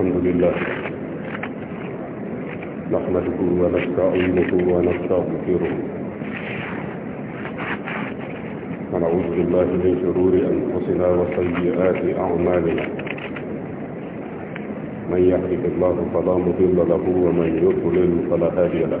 الحمد لله نحمده ونستعينه ونستغفره ونعوذ بالله من شرور أنفسنا وسيئات أعمالنا من يهدك الله فلا مضل له ومن يضلل فلا هادي له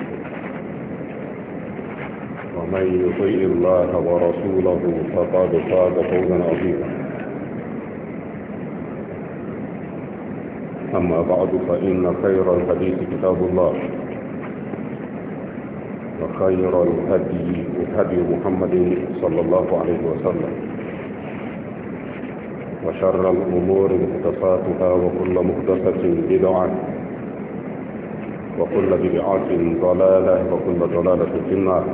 ومن يطيع الله ورسوله فقد فاز فوزا عظيما أما بعد فإن خير الحديث كتاب الله وخير الهدي هدي محمد صلى الله عليه وسلم وشر الأمور مختصاتها وكل مختصة بدعة وكل بدعة ضلالة وكل ضلالة في النار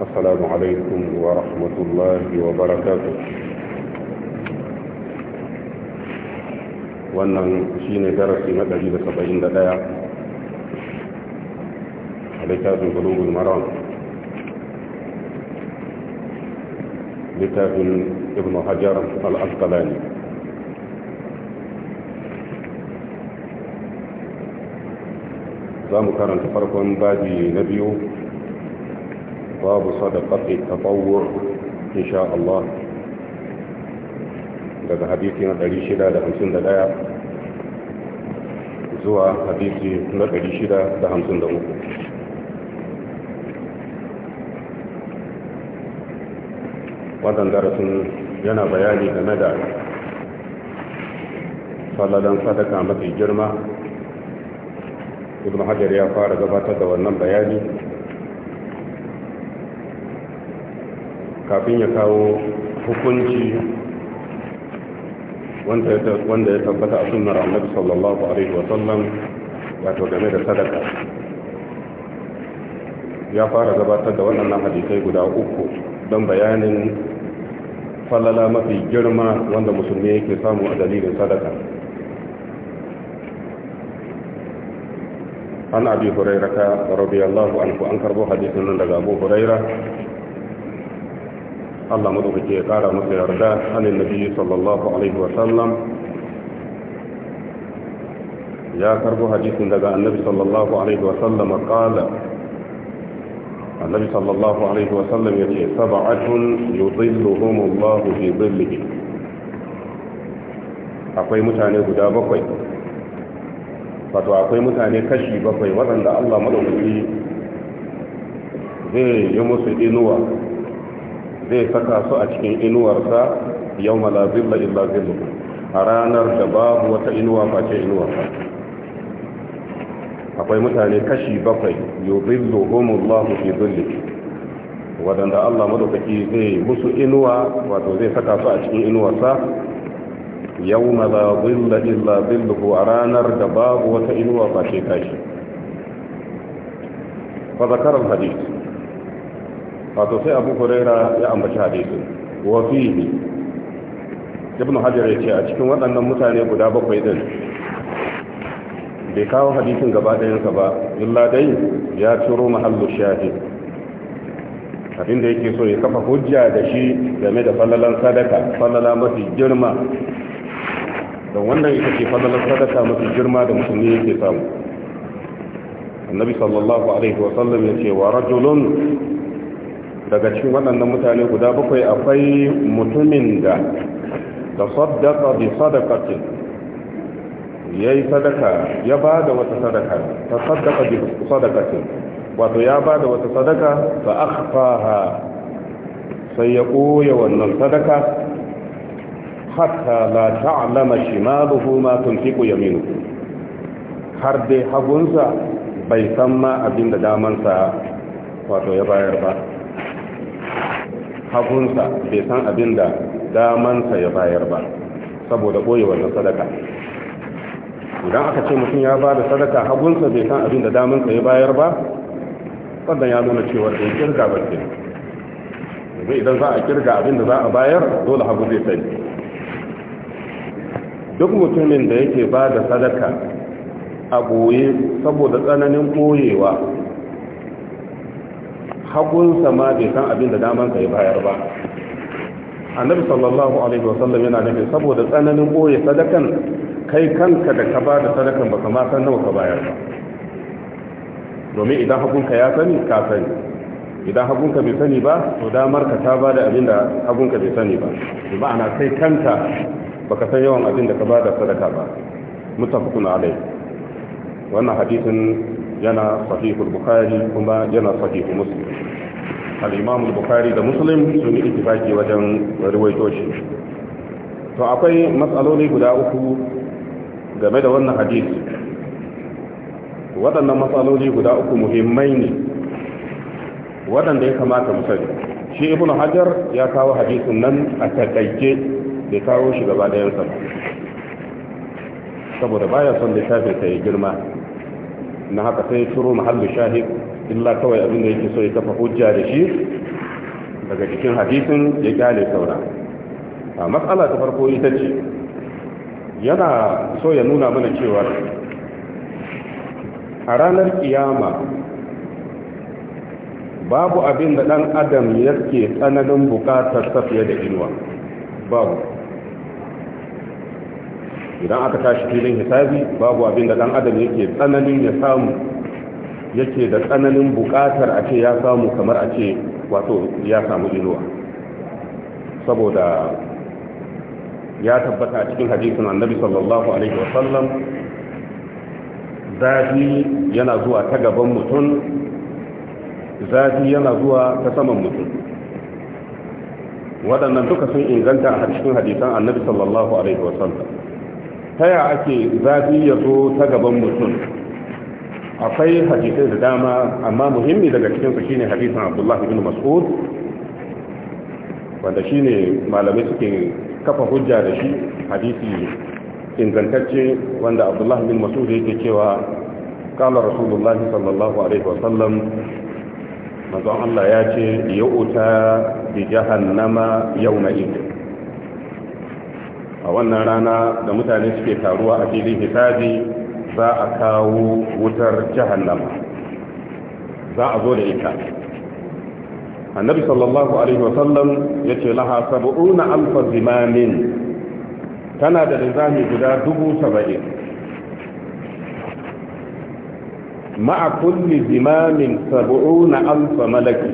السلام عليكم ورحمة الله وبركاته wannan shine darasi na 171 a littafin gulubul maram littafin ibn hajar al-asqalani za mu karanta farkon babi na biyu باب صدقة التطوع إن شاء الله daga hadisi na 651 zuwa hadisi na 653 wannan darasin yana bayani game da falalan sadaka mafi girma ibn hajar ya fara gabatar da wannan bayani kafin ya kawo hukunci wanda ya tabbata a sunnar annabi sallallahu alaihi wa sallam wato game da sadaka ya fara gabatar da waɗannan hadisai guda uku don bayanin falala mafi girma wanda musulmi yake samu a dalilin sadaka an abi hurairata radiyallahu anku an karbo hadisin nan daga abu hurairah Allah madaukake ya kara masa yarda anin nabi sallallahu alaihi wa sallam ya karbo hadisin daga annabi sallallahu alaihi wa sallam qala annabi sallallahu alaihi wa sallam yace sab'atun yudhilluhum Allah fi dhillihi akwai mutane guda bakwai wato akwai mutane kashi bakwai waɗanda Allah madaukake zai yi musu inuwa zai saka su a cikin inuwarsa yau malazilla illa zillu a ranar da babu wata inuwa face inuwarsa akwai mutane kashi bakwai yuzillu humullahu fi dhillihi wadanda Allah madaukaki zai musu inuwa wato zai saka su a cikin inuwarsa yawma la dhilla illa dhilluhu a ranar da babu wata inuwa ce kashi fa zakara hadith wato sai abu huraira ya ambaci hadisi wa ne. ibn hajar ya ce a cikin waɗannan mutane guda bakwai din bai kawo hadisin gaba ɗayansa ba illa dai ya turo mahallu shahid abinda yake so ya kafa hujja da shi game da fallalan sadaka fallala mafi girma don wannan ita ce fadalar sadaka mafi girma da musulmi yake samu annabi sallallahu alaihi wasallam ya ce wa rajulun daga cikin waɗannan mutane guda bakwai akwai mutumin da da saddaka bi sadaqatin yayi sadaka ya bada wata sadaka ta saddaka bi sadaqatin wato ya bada wata sadaka fa akhfaha sai ya koya wannan sadaka hatta la ta'lama shimaluhu ma tunfiqu yaminuhu har dai hagunsa bai san ma abin da damansa wato ya bayar ba hagunsa bai san abin da damansa ya bayar ba saboda ɓoye wannan sadaka idan aka ce mutum ya ba da sadaka hagunsa bai san abin da damansa ya bayar ba sannan ya nuna cewa da ya kirga ba ke zai idan za a kirga abin da za a bayar dole hagu zai sani duk mutumin da yake ba da sadaka a goye saboda tsananin ɓoyewa hagunsa ma bai san abin da daman ka ya bayar ba annabi sallallahu alaihi wasallam yana nufin saboda tsananin boye sadakan kai kanka da ka ba da sadakan baka ma san nawa ka bayar ba domin idan hagunka ya sani ka sani idan hagunka bai sani ba to damar ka ta ba da abin da hagunka bai sani ba ba ana kai kanka baka san yawan abin da ka ba da sadaka ba mutafakun alai wannan hadisin yana sahihul bukhari kuma yana sahihul muslim al-imam bukhari da muslim sun yi ittifaki wajen riwaito shi to akwai matsaloli guda uku game da wannan hadisi waɗannan matsaloli guda uku muhimmai ne waɗanda ya kamata mu sani shi ibnu hajar ya kawo hadisin nan a takaice da kawo shi gaba ɗayansa ba saboda baya son littafin ta ya girma na haka sai turo mahallin shahid illa kawai abin da yake so ya kafa hujja da shi daga cikin hadisin ya kyale saura a matsala ta farko ita ce yana so ya nuna mana cewa a ranar kiyama babu abin da ɗan adam yake tsananin bukatar safiya da inuwa babu idan aka tashi filin hisabi babu abin da dan adam yake tsananin ya samu yake da tsananin bukatar a ce ya samu kamar a ce wato ya samu inuwa saboda ya tabbata a cikin hadisin annabi sallallahu alaihi wasallam zafi yana zuwa ta gaban mutum zafi yana zuwa ta saman mutum waɗannan duka sun inganta a cikin hadisan annabi sallallahu alaihi wasallam ta ake zafi ya zo ta gaban mutum akwai hadisai da dama amma muhimmi daga cikinsu shine hadisan abdullahi bin mas'ud wanda shine malamai suke kafa hujja da shi hadisi ingantacce wanda abdullahi bin mas'ud yake cewa kala rasulullahi sallallahu alaihi wasallam manzon Allah ya ce yauta bi jahannama na idin a wannan rana da mutane suke taruwa a filin hisabi za a kawo wutar jahannama za a zo da ita annabi sallallahu alaihi wasallam ya ce laha saba'una alfa zimamin tana da rizami guda dubu saba'in ma'a kulli zimamin saba'una alfa malaki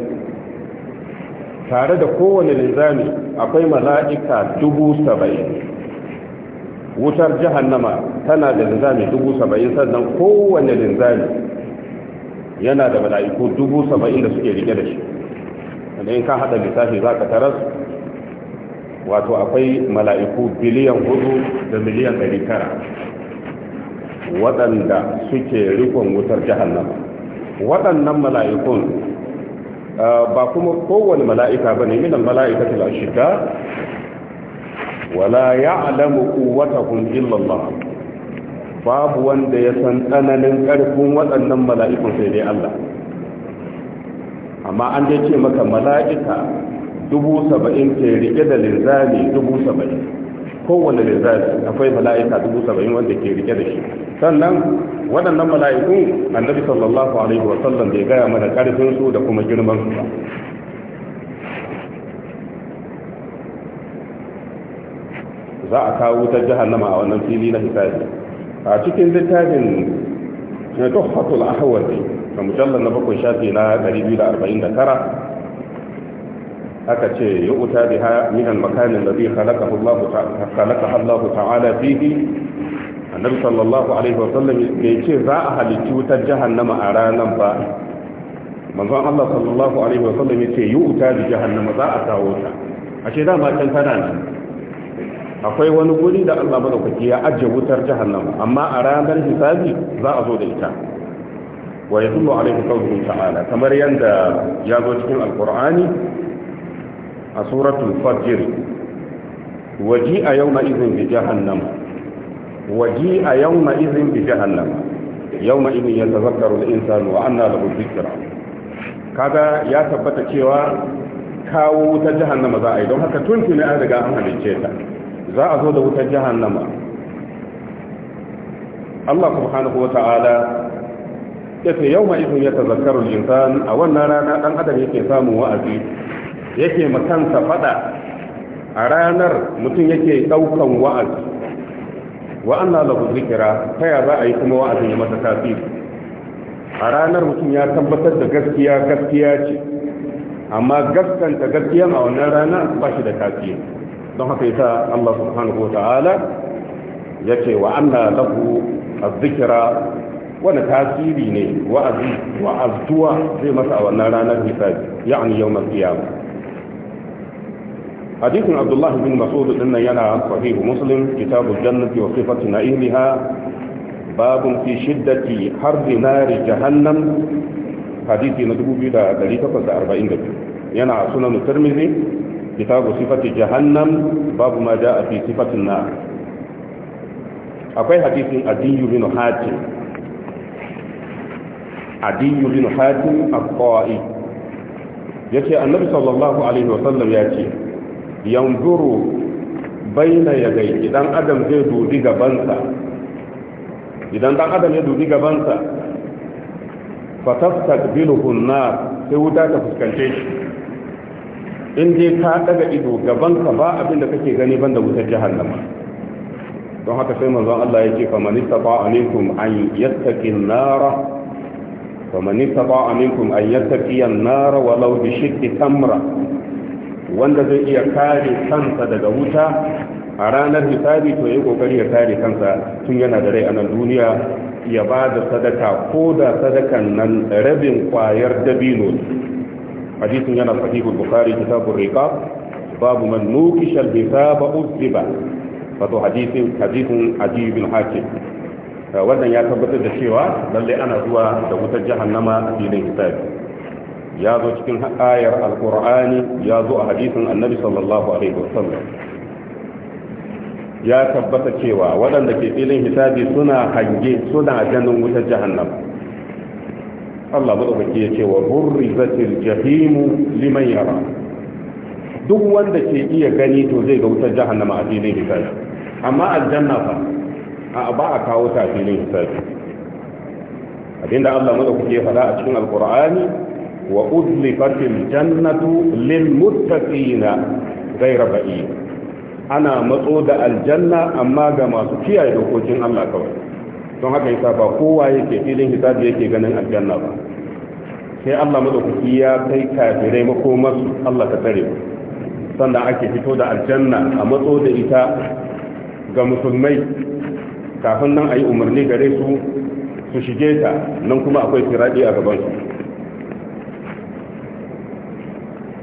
tare da kowane rizami akwai mala'ika dubu saba'in wutar jahannama tana da linzami dubu saba'in sannan kowane linzami yana da mala'iku dubu saba'in da suke rike da shi wanda in ka haɗa lissafi za ka taras wato akwai mala'iku biliyan hudu da miliyan ɗari tara waɗanda suke rikon wutar jahannama waɗannan mala'ikun ah, ba kuma kowane mala'ika ba ne minan mala'ikatul ashida wala ya'lamu quwwatahum illa Allah babu wanda ya san tsananin ƙarfin waɗannan mala'ikun sai dai Allah amma an dai ce maka mala'ika dubu saba'in ke riƙe da linzami dubu saba'in kowane linzami akwai mala'ika dubu saba'in wanda ke riƙe da shi sannan waɗannan mala'ikun annabi sallallahu alaihi wasallam bai gaya mana ƙarfinsu da kuma girmansu su za a kawo wutar jahannama a wannan fili na hisabi a cikin littafin na tuhfatul ahwazi da mujallar na bakwai shafi na 249 aka ce ya wuta da min al-makanin ladhi khalaqahu Allah khalaqa Allah ta'ala fihi annabi sallallahu alaihi wa sallam bai ce za a halicci wutar jahannama a ranan ba manzon Allah sallallahu alaihi wa sallam ya ce yi wuta da jahannama za a kawo ta A ashe dama can tana nan akwai wani guri da Allah madaukaki ya ajiye wutar jahannama amma a ranar hisabi za a zo da ita wa yadullu alaihi qawluhu ta'ala kamar yanda ya zo cikin alqur'ani a suratul fajr waji'a yawma idhin bi jahannam waji'a yawma idhin bi jahannam yawma idhin yatazakkaru al-insanu wa anna lahu dhikra kaga ya tabbata cewa kawo ta jahannama za a yi don haka tun tuni an riga an halicce ta za a zo da wutar jahannama Allah subhanahu wa ta'ala ya ce yau ma'izin ya tazakaru insan a wannan rana dan adam yake samun wa'azi yake makansa fada a ranar mutum yake daukan wa'azi wa anna lahu zikira ta ya za a yi kuma wa'azin ya masa tasiri a ranar mutum ya tabbatar da gaskiya gaskiya ce amma gaskanta gaskiya a wannan rana ba shi da tasiri don haka ita Allah subhanahu ta'ala ya ce wa anna lahu azzikira wani tasiri ne wa'azi wa'azduwa zai masa a wannan ranar hisabi ya'ani yau masu yawa hadisin abdullahi bin masudu din yana sahihu muslim kitabu jannati wa sifati na'imiha babun fi shiddati har dinari jahannam hadisi na 2842 yana sunan tirmidhi kitabu sifati jahannam babu ma a fi sifatin na akwai hadisin adiyu bin hatim adiyu bin hatim al yace annabi sallallahu alaihi wasallam yace yanzuru baina yagai idan adam zai dubi gabansa idan dan adam ya dubi gabansa fa tastaqbiluhu an-nar sai wuta ta fuskance shi in dai ka daga ido gaban ka ba abin da kake gani banda wutar jahannama don haka sai manzon Allah ya ce fa man istata minkum an yattaqi an-nara fa man an yattaqi an-nara walau bi shiqqi tamra wanda zai iya kare kansa daga wuta a ranar hisabi to ya kokari ya kare kansa tun yana da rai a nan duniya ya ba da sadaka ko da sadakan nan rabin kwayar dabino hadisin yana sahihul bukhari kitabur riqab babu man nukisha al-hisaba uzziba wato hadisin hadisin ajiyu bin hakim wannan ya tabbatar da cewa lalle ana zuwa da wutar jahannama a filin hisabi ya zo cikin ayar alkur'ani ya zo a hadisin annabi sallallahu alaihi wasallam ya tabbata cewa waɗanda ke filin hisabi suna hange suna ganin wutar jahannama Allah madaukaki ya ce wa burrizatil jahimu liman yara duk wanda ke iya gani to zai ga wutar jahannama a filin hisabi amma aljanna fa a ba a kawo ta filin hisabi abinda Allah madaukaki ya faɗa a cikin alqur'ani wa udlifatil jannatu lil muttaqina ghayra ba'id ana matso da aljanna amma ga masu kiyaye dokokin Allah kawai don haka yasa ba kowa yake filin hisabi yake ganin aljanna ba sai Allah madaukaki ya kai kafirai makomarsu Allah ta tsare sannan ake fito da aljanna a matso da ita ga musulmai kafin nan a yi umarni gare su su shige ta nan kuma akwai siraɗi a gabansu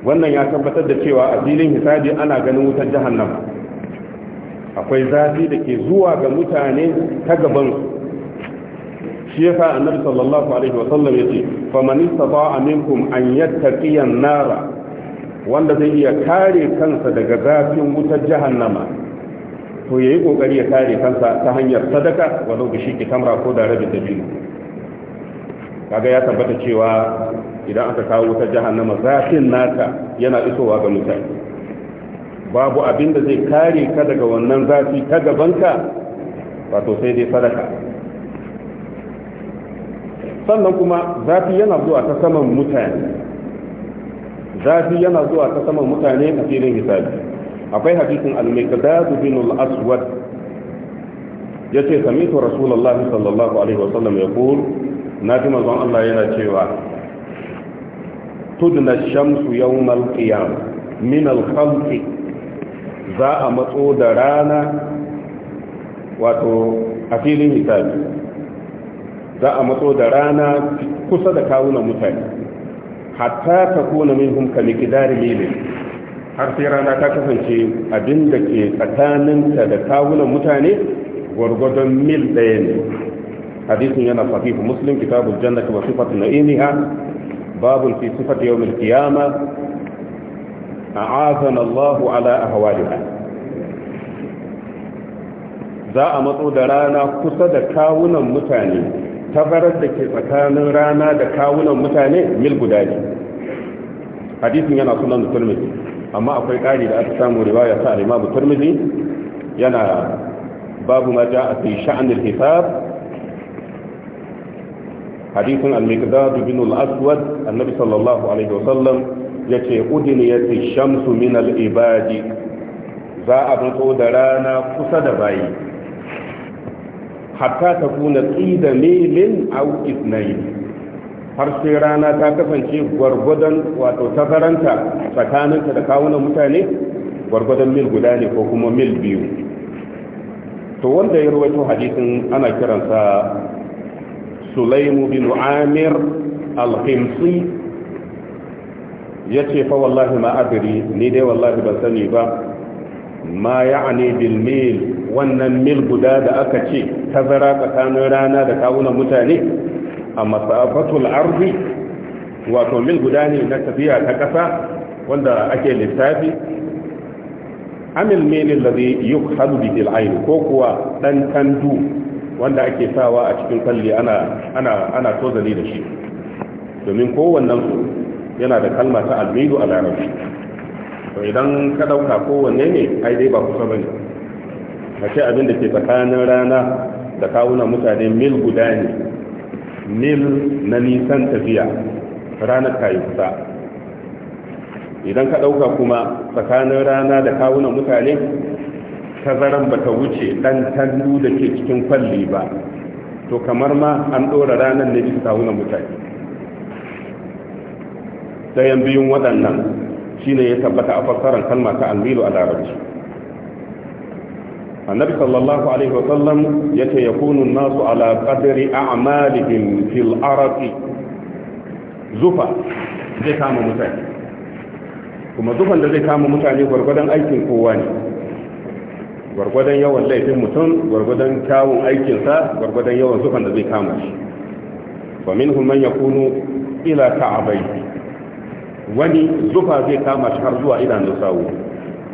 wannan ya tabbatar da cewa a filin hisabi ana ganin wutar jahannama akwai zafi da ke zuwa ga mutane ta gabansu shi yasa annabi sallallahu alaihi wa sallam yace fa man istata'a minkum an yattaqiya nara wanda zai iya kare kansa daga zafin wutar jahannama to yayi kokari ya kare kansa ta hanyar sadaka walau bi shiki tamra ko da rabi dabino kaga ya tabbata cewa idan aka kawo wutar jahannama zafin naka yana isowa ga mutane babu abin da zai kare ka daga wannan zafi ta gabanka wato sai dai sadaka sannan kuma zafi yana zuwa ta saman mutane zafi yana zuwa ta saman mutane a filin hisabi akwai hadisin al-miqdad bin al-aswad yace samitu rasulullah sallallahu alaihi wasallam yaqul naji manzon Allah yana cewa tudna shamsu yawm al-qiyam min al za a matso da rana wato a filin hisabi za a matso da rana kusa da kawunan mutane hatta ta kuna min humka mikidari milin har sai rana ta kasance abin da ke tsakaninta da kawunan mutane gwargwadon mil ɗaya ne hadisin yana sahihu muslim kitabul jannati wa sifatu na'imiha babun fi sifati yawmil qiyamah a'azana Allahu ala ahwaliha za a matso da rana kusa da kawunan mutane tabarar da ke tsakanin rana da kawunan mutane mil guda ne hadisin yana sunan da turmizi amma akwai ƙari da aka samu riwaya ta alimamu turmizi yana babu ma ja a fi sha'anil hisab hadisin al-miqdad bin al-aswad annabi sallallahu alaihi wasallam yace udiniyat ash-shamsu min al-ibadi za a fito da rana kusa da bayi hatta ta kuna tsida melin au isnai har sai rana ta kasance gwargwadon wato tazaranta tsakaninta da kawunan mutane gwargwadon mil guda ne ko kuma mil biyu to wanda ya rawaito hadisin ana kiransa sulaimu bin amir al-himsi ya ce fa wallahi ma adri ni dai wallahi ban sani ba ma ya'ani bil mil wannan mil guda da aka ce tazara tsakanin rana da kawunan mutane a masafatul arzi wato mil guda ne na tafiya ta ƙasa wanda ake lissafi amil milin da zai yi hadu da ko kuwa ɗan Kandu wanda ake sawa a cikin kalli ana tozali da shi domin kowannen su yana da kalma ta almidu a larabci to idan ka ɗauka kowanne ne ai dai ba kusa bane a ce abin da ke tsakanin rana da kawunan mutane mil guda ne mil na nisan tafiya ranar kayi kusa idan ka ɗauka kuma tsakanin rana da kawunan mutane tazaran ba ta wuce ɗan tallu da ke cikin kwalli ba to kamar ma an ɗora ranar ne bisa kawunan mutane ɗayan biyun waɗannan shine ya tabbata a fassarar kalma ta almilu a larabci annabi sallallahu alaihi wasallam ya ce ya kunu nasu ala qadri a'malihim fil araqi zufa zai kama mutane kuma zufan da zai kama mutane gwargwadon aikin kowa ne gwargwadon yawan laifin mutum gwargwadon kyawun aikinsa gwargwadon yawan zufan da zai kama shi wa minhum man yakunu ila ka'bayhi wani zufa zai kama shi har zuwa idanun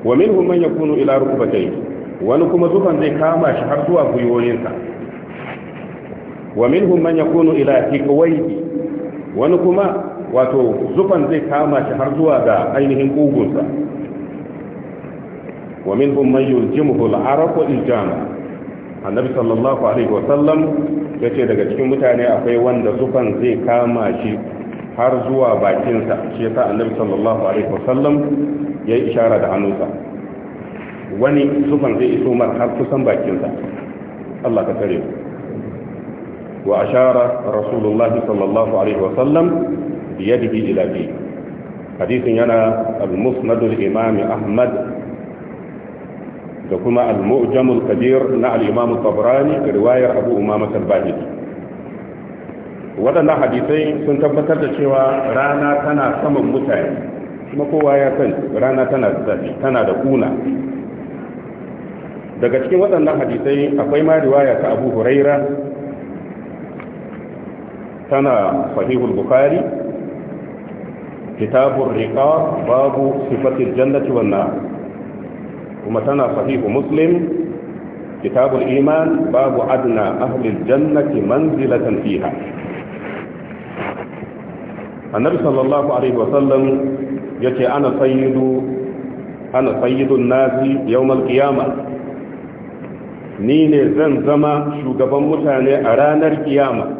wa ila wani kuma zufan zai kama shi har zuwa guyoyinsa wa minhum man yakunu ila hiqwayhi wani kuma wato zufan zai kama shi har zuwa ga ainihin kugunsa wa minhum man yuljimuhu al al iljama annabi sallallahu alaihi wa sallam yace daga cikin mutane akwai wanda zufan zai kama shi har zuwa bakinsa shi yasa annabi sallallahu alaihi wa sallam ya ishara da hannunsa wani sufan zai iso mara har kusan bakinsa Allah ka tare wa ashara rasulullah sallallahu alaihi wa sallam bi yadihi ila bi hadisin yana al-musnad al-imam ahmad da kuma al-mu'jam al-kabir na al-imam tabrani riwayar abu umama al-bahili waɗannan hadisai sun tabbatar da cewa rana tana saman mutane kuma kowa ya sani rana tana da zafi tana da kuna daga cikin waɗannan hadisai akwai ma riwaya ta abu huraira tana sahihul bukhari kitabur riqab babu sifatil jannati wannan, kuma tana Fahimu muslim kitabul iman babu adna ahli jannati manzilatan fiha annabi sallallahu alaihi wasallam yace ana sayyidu ana sayyidun nasi yawmal qiyamah ni ne zan zama shugaban mutane a ranar kiyama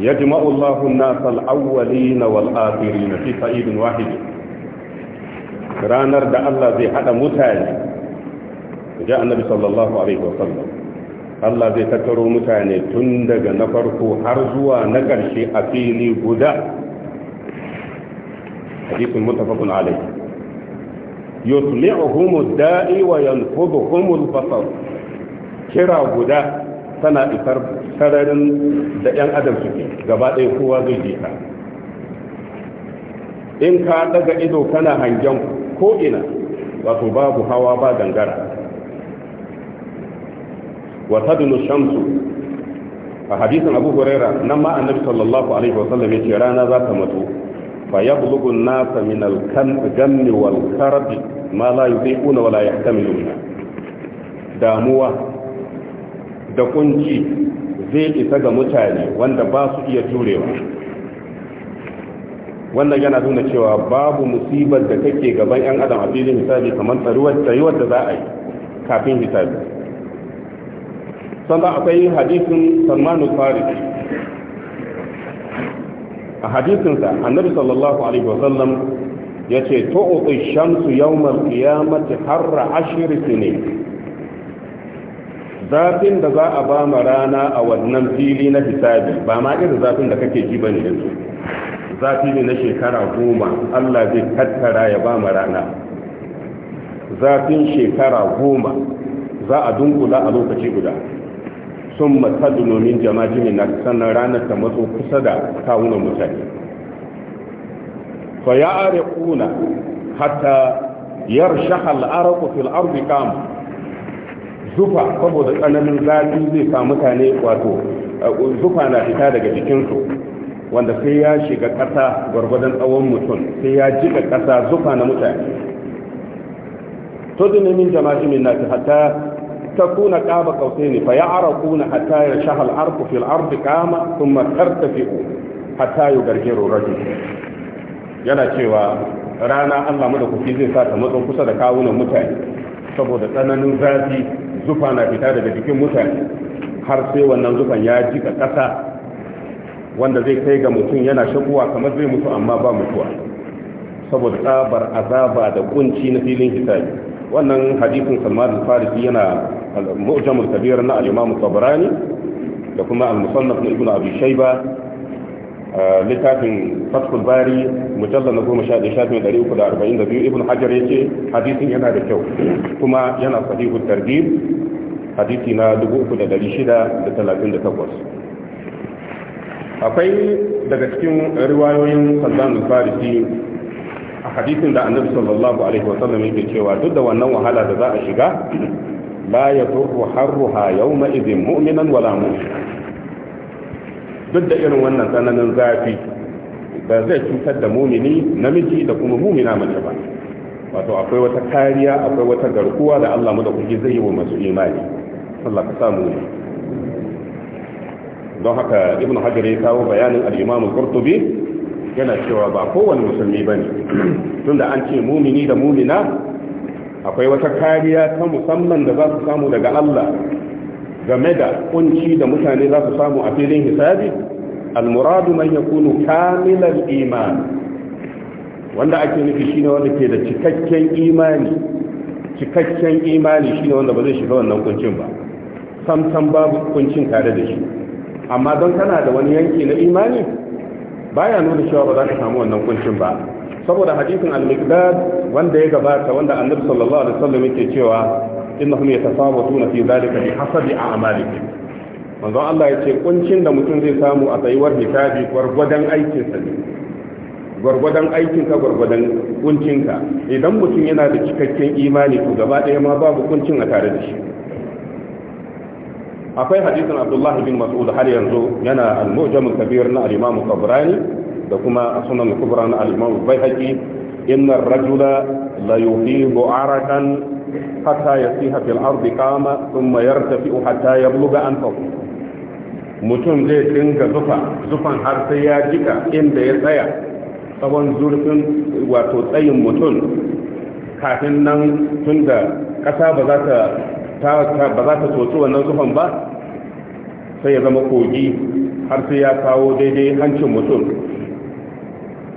yajma'u Allahu an-nas na awwalina na akhirina fi sa'idin wahid ranar da Allah zai hada mutane ja annabi sallallahu alaihi wasallam Allah zai tattaro mutane tun daga na farko har zuwa na ƙarshe a fili guda hadisin mutafakun alaihi yusli'uhum da'i wa yanfuduhum al-basar kira guda tana isar sararin da yan adam suke gaba ɗaya kowa zai je ta in ka daga ido kana hangen ko ina wato babu hawa ba gangara wa tadnu shamsu a hadisin abu huraira nan ma annabi sallallahu alaihi wasallam yace rana za ta matso فيبلغ الناس من nasa والكرب ما لا يطيقون ولا يحتملون داموا da kunci zai isa ga mutane wanda ba su iya jurewa wannan yana nuna cewa babu musibar da kake gaban yan adam a filin hisabi kamar tsaruwar tsayuwar da za a yi kafin hisabi sannan akwai hadisin salmanu farisi a hadisinsa annabi sallallahu alaihi wasallam ya ce tu'uɗi shamsu ya qiyamati harra ashirki ne zafin da za a ba ma rana a wannan fili na hisabi ba ma irin zafin da kake ji bane yanzu zafi ne na shekara goma Allah zai tattara ya ba ma rana zafin shekara goma za a dunkula a lokaci guda sun matadu nomin jama'ajini na sannan ranar ta matso kusa da kawunan mutane fa ya are kuna hatta yar shahal araku fil arzi kam zufa saboda tsananin zafi zai sa mutane wato eh, zufa na fita daga jikinsu wanda sai ya shiga ƙasa gwargwadon tsawon mutum sai ya jika ƙasa zufa na mutane to dinamin jimin na hatta تكون قاب قوسين فيعرقون حتى يشه الارض في الارض قام ثم ترتفع حتى يغرغر الرجل yana cewa rana Allah madaukaki zai sa ta matso kusa da kawunan mutane saboda tsananin zafi zufa na fita daga jikin mutane har sai wannan zufan ya jika kasa wanda zai kai ga mutum yana shakuwa kamar zai mutu amma ba mutuwa saboda tsabar azaba da kunci na filin hisabi wannan hadisin salman al-farisi yana mu'jamul kabir na al-imam tabarani da kuma al-musannaf na ibnu abi shayba ah, littafin fathul bari mujallal na goma sha ɗaya shafin ɗari uku da arba'in da biyu Ibnu hajar ya ce hadisin yana da kyau kuma yana sahihu tarbib hadisi na dubu uku da ɗari shida da talatin da takwas akwai daga cikin riwayoyin salman al-farisi a hadisin da annabi sallallahu alaihi wa sallam yake cewa duk da wannan wahala da za a shiga la yadurru harruha yawma idhin mu'minan wala mu'min duk da irin wannan tsananin zafi ba zai cutar da mumini namiji da kuma mumina mace ba wato akwai wata kariya akwai wata garkuwa da Allah mu da kuke zai yi wa masu imani Allah ka samu ne don haka ibnu hajar ya kawo bayanin al-imam al-qurtubi yana cewa ba kowane musulmi ba ne tunda an ce mumini da mumina akwai wata kariya ta musamman da za su samu daga Allah game da kunci da mutane za su samu a filin hisabi almuradu man yakunu kamilal iman wanda ake nufi shine wanda ke da cikakken imani cikakken imani shine wanda ba zai shiga wannan kuncin ba sam sam babu kuncin tare da shi amma don kana da wani yanki na imani baya nuna cewa ba za ka samu wannan kuncin ba saboda hadisin al-miqdad wanda ya gabata wanda annabi sallallahu alaihi wasallam yake cewa innahum yatasawatuna fi dhalika bi hasabi a'malihim manzo Allah ya ce kuncin da mutum zai samu a tsayuwar hisabi gwargwadon aikin sa ne gwargwadon aikin ka gwargwadon kuncin ka idan mutum yana da cikakken imani to gaba daya ma babu kuncin a tare da shi akwai hadisin abdullahi bin mas'ud har yanzu yana al-mu'jamul kabir na al-imam tabrani da kuma sunan kubra na al-imam baihaqi inna ar-rajula la yuhibu arakan hatta yasiha fil ardi qama thumma yartafi'u hatta yabluga anfahu mutum zai dinga zufa zufan har sai ya jika inda ya tsaya tsawon zurfin wato tsayin mutum kafin nan tun da ƙasa ba za ta ba za ta soci wannan zufan ba sai ya zama kogi har sai ya kawo daidai hancin mutum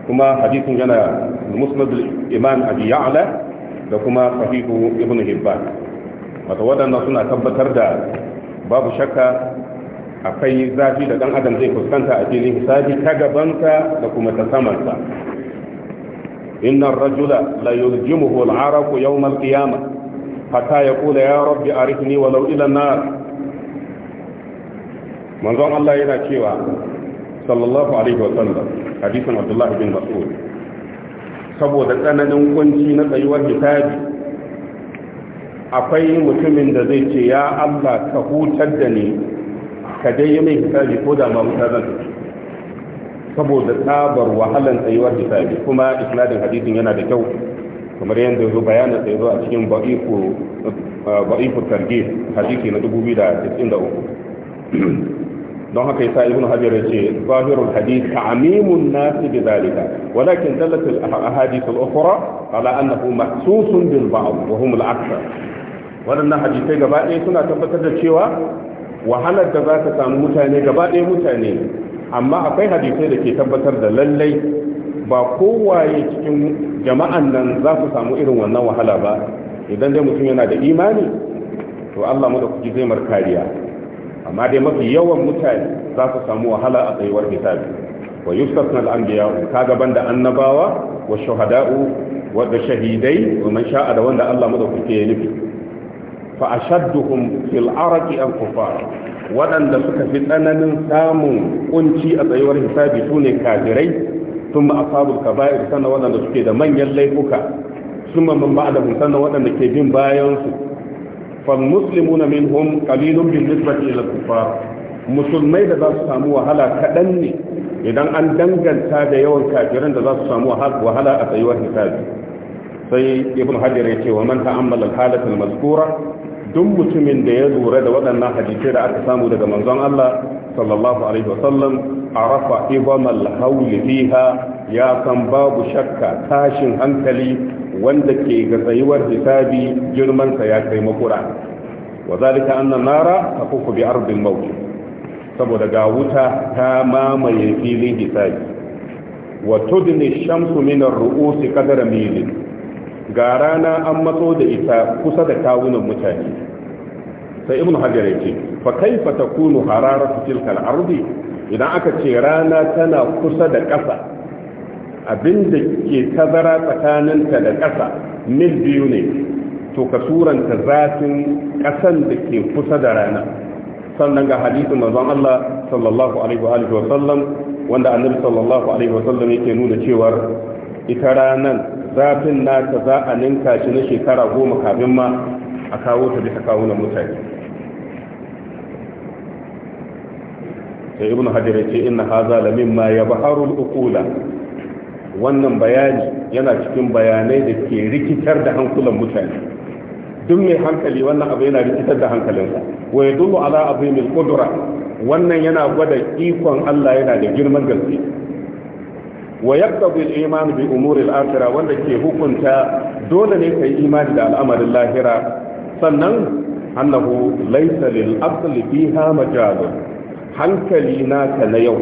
kuma hadisin yana musnadul iman abi ya'la da kuma sahihu ibn hibban wata waɗannan suna tabbatar da babu shakka akwai zafi da ɗan adam zai fuskanta a filin hisabi ta gabanta da kuma ta samansa innan rajula la yurjimuhu al-araqu qiyamah hatta ya kula ya rabbi arifni walau ila nar manzon Allah yana cewa sallallahu alaihi wa sallam hadisin Abdullah bin Mas'ud saboda tsananin kunci na tsayuwar hisabi akwai mutumin da zai ce ya Allah ka hutar da ni ka dai yi mai hisabi ko da ma wuta zan saboda tsabar wahalan tsayuwar hisabi kuma isnadin hadisin yana da kyau kamar yadda yazo bayanin da yazo a cikin ba'iku ba'iku targhib hadisi na 2093 don haka isa ibnu hajar ce zahirul hadith ta'mimun nas bi zalika walakin dallat al ahadith al ukhra ala annahu mahsusun bil ba'd wa hum al akthar wadannan hadisai gaba ɗaya suna tabbatar da cewa wahalar da za ta samu mutane gaba ɗaya mutane amma akwai hadisai da ke tabbatar da lallai ba kowaye cikin jama'an nan za su samu irin wannan wahala ba idan dai mutum yana da imani to Allah mu da kuji zai mar kariya amma dai mafi yawan mutane za su samu wahala a tsayuwar hisabi wa yustasna al-anbiya ka gaban da annabawa wa shuhada'u wa da shahidai wa man sha'a da wanda Allah mu da kuke nufi fa ashadduhum fil araqi al kufar waɗanda suka fi tsananin samun kunci a tsayuwar hisabi sune kafirai sun ashabul kaba'ir sannan waɗanda suke da manyan laifuka sun man ba'dahum sannan waɗanda ke bin bayan su fal muslimuna minhum qalilun bin nisbati ila kuffar musulmai da za su samu wahala kaɗan ne idan an danganta da yawan kafiran da za su samu wahala a tsayuwar hisabi sai ibn hajar ya ce wa man ta'ammala al-halata al-mazkura duk mutumin da ya lura da waɗannan hadisai da aka samu daga manzon Allah sallallahu alaihi arafa ibamal hauli fiha ya san babu shakka tashin hankali wanda ke ga tsayuwar hisabi girmansa ya kai makura wa zalika anna nara taqufu bi ardil maut saboda ga wuta ta mamaye filin hisabi wa tudni shamsu min ar-ru'us qadara mil ga rana an matso da ita kusa da kawunan mutane sai ibnu hajar yake fa kaifa takunu hararatu tilka al-ardi idan aka ce rana tana kusa da ƙasa abinda ke tazara tsakaninta da ƙasa mil biyu ne to ka suranta zafin ƙasan da ke kusa da rana sannan ga hadisin manzon Allah sallallahu alaihi wa sallam wanda annabi sallallahu alaihi wa sallam yake nuna cewa ita ranan zafin nata za a ninka shi na shekara goma kafin ma a kawo ta bisa na mutane sai ibnu hajar yace inna hadha la mimma yabharul uqula wannan bayani yana cikin bayanai da ke rikitar da hankulan mutane duk mai hankali wannan abu yana rikitar da hankalinsa wa yadullu ala azimil qudra wannan yana gwada ikon Allah yana da girman gaske wa yaqtadi al-iman bi umuri al-akhirah wanda ke hukunta dole ne kai imani da al'amarin lahira sannan annahu laysa lil aqli fiha majazun hankali naka na yau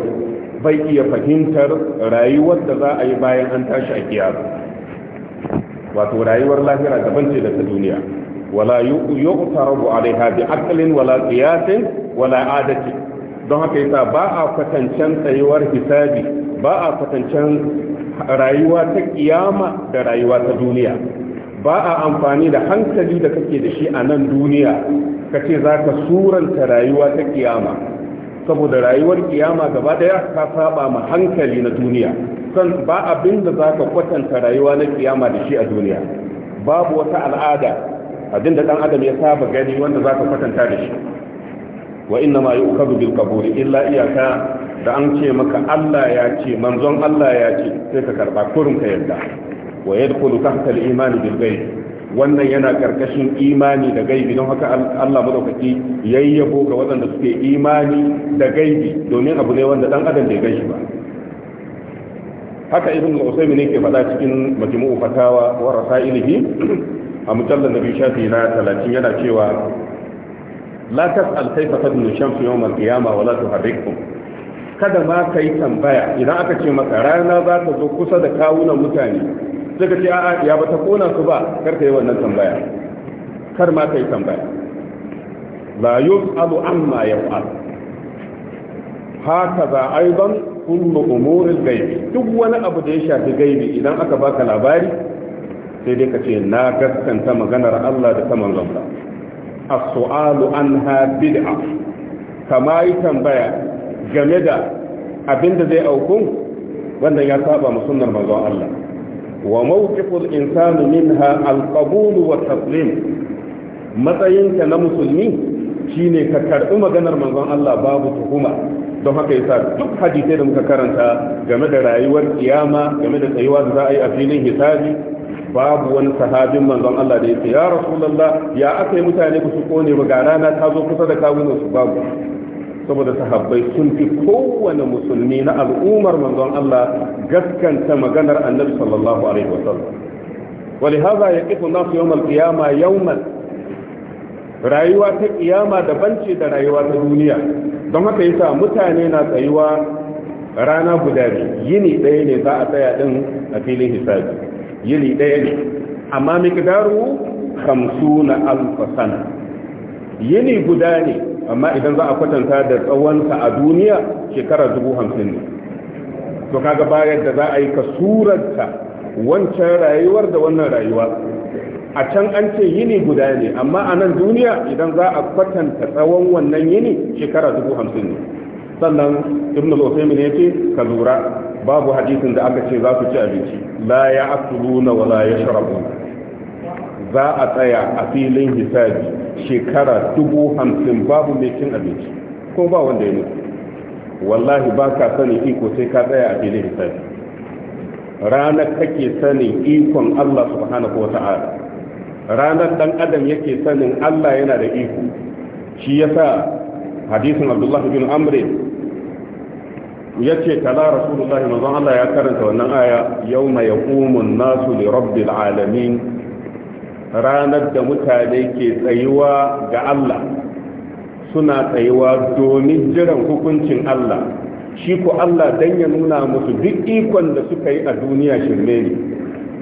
bai iya fahimtar rayuwar da za a yi bayan an tashi a kiyama wato rayuwar lahira daban ce da ta duniya wala yuqtarabu alaiha bi aqlin wala qiyasin wala adati don haka yasa ba a kwatancen tsayuwar hisabi ba a kwatancen rayuwa ta kiyama da rayuwa ta duniya ba a amfani da hankali da kake da shi a nan duniya ka ce za ka suranta rayuwa ta kiyama saboda rayuwar kiyama gaba daya ka saba ma hankali na duniya san ba abin da za kwatanta rayuwa na kiyama da shi a duniya babu wata al'ada abin da dan adam ya saba gani wanda zaka kwatanta da shi wa inna ma yu'khadhu bil qabr illa iyaka da an ce maka Allah ya ce manzon Allah ya ce sai ka karba kurin ka yadda wa yadkhulu tahta al iman bil ghaib wannan yana karkashin imani da gaibi don haka Allah madaukaki yayyabo ga waɗanda suke imani da gaibi domin abu ne wanda dan adam bai shi ba haka ibn al ne ke faɗa cikin majmu'u fatawa wa rasailihi a mujallal nabi shafi na 30 yana cewa la tas'al kayfa tadnu shamsu yawm al wa la tuharrikum kada ma kai tambaya idan aka ce maka rana za ta zo kusa da kawunan mutane sai ka ce a'a ya ba ta kona su ba kar ka yi wannan tambaya kar ma ka yi tambaya la haka za a yi ban kullu umurin gaibi duk wani abu da ya shafi gaibi idan aka baka labari sai dai ka ce na gaskanta maganar Allah da ta manzon sa as-su'alu ha bid'a kama yi tambaya game da abin da zai auku wanda ya saba mu manzon Allah wa mawqiful insani minha alqabul wa taslim matsayinka na musulmi shine ka karɓi maganar manzon Allah babu tuhuma don haka yasa duk hadisai da muka karanta game da rayuwar kiyama game da tsayuwa da za a yi a filin hisabi babu wani sahabin manzon Allah da ya ya rasulullah ya aka yi mutane ku su kone ba ga rana ta zo kusa da kawunan su babu saboda sahabbai sun fi kowane musulmi na al'ummar manzon Allah gaskanta maganar annabi sallallahu alaihi wasallam ولهذا يقف الناس يوم القيامة يوما rayuwa ta kiyama daban ce da rayuwa ta duniya don haka yasa mutane na tsayuwa rana guda biyu. yini ɗaya ne za a tsaya ɗin a filin hisabi yini ɗaya ne amma mikdaru hamsu na alfasana. yini guda ne amma idan za a kwatanta da tsawonsa a duniya shekara dubu hamsin ne to kaga bayan da za a yi ka surarta wancan rayuwar da wannan rayuwa a can an ce yini guda ne amma a nan duniya idan za a kwatanta tsawon wannan yini shekara dubu hamsin ne sannan ibn al-usaymin ya ce ka lura babu hadisin da aka ce za su ci abinci la ya wa la ya za a tsaya a filin hisabi shekara dubu hamsin babu mai cin abinci ko ba wanda ya nufi wallahi ba ka sanin iko sai ka tsaya a filin hisabi ranar kake sanin ikon Allah subhanahu wa ta'ala ranar dan adam yake sanin Allah yana da iko shi ya sa hadisin Abdullahi bin amri yace tala rasulullahi manzon Allah ya karanta wannan aya Yau mai hukumun nasu li rabbil alamin ranar da mutane ke tsayuwa ga Allah suna tsayuwa domin jiran hukuncin Allah shi ko Allah dan ya nuna musu duk ikon da suka yi a duniya shirme ne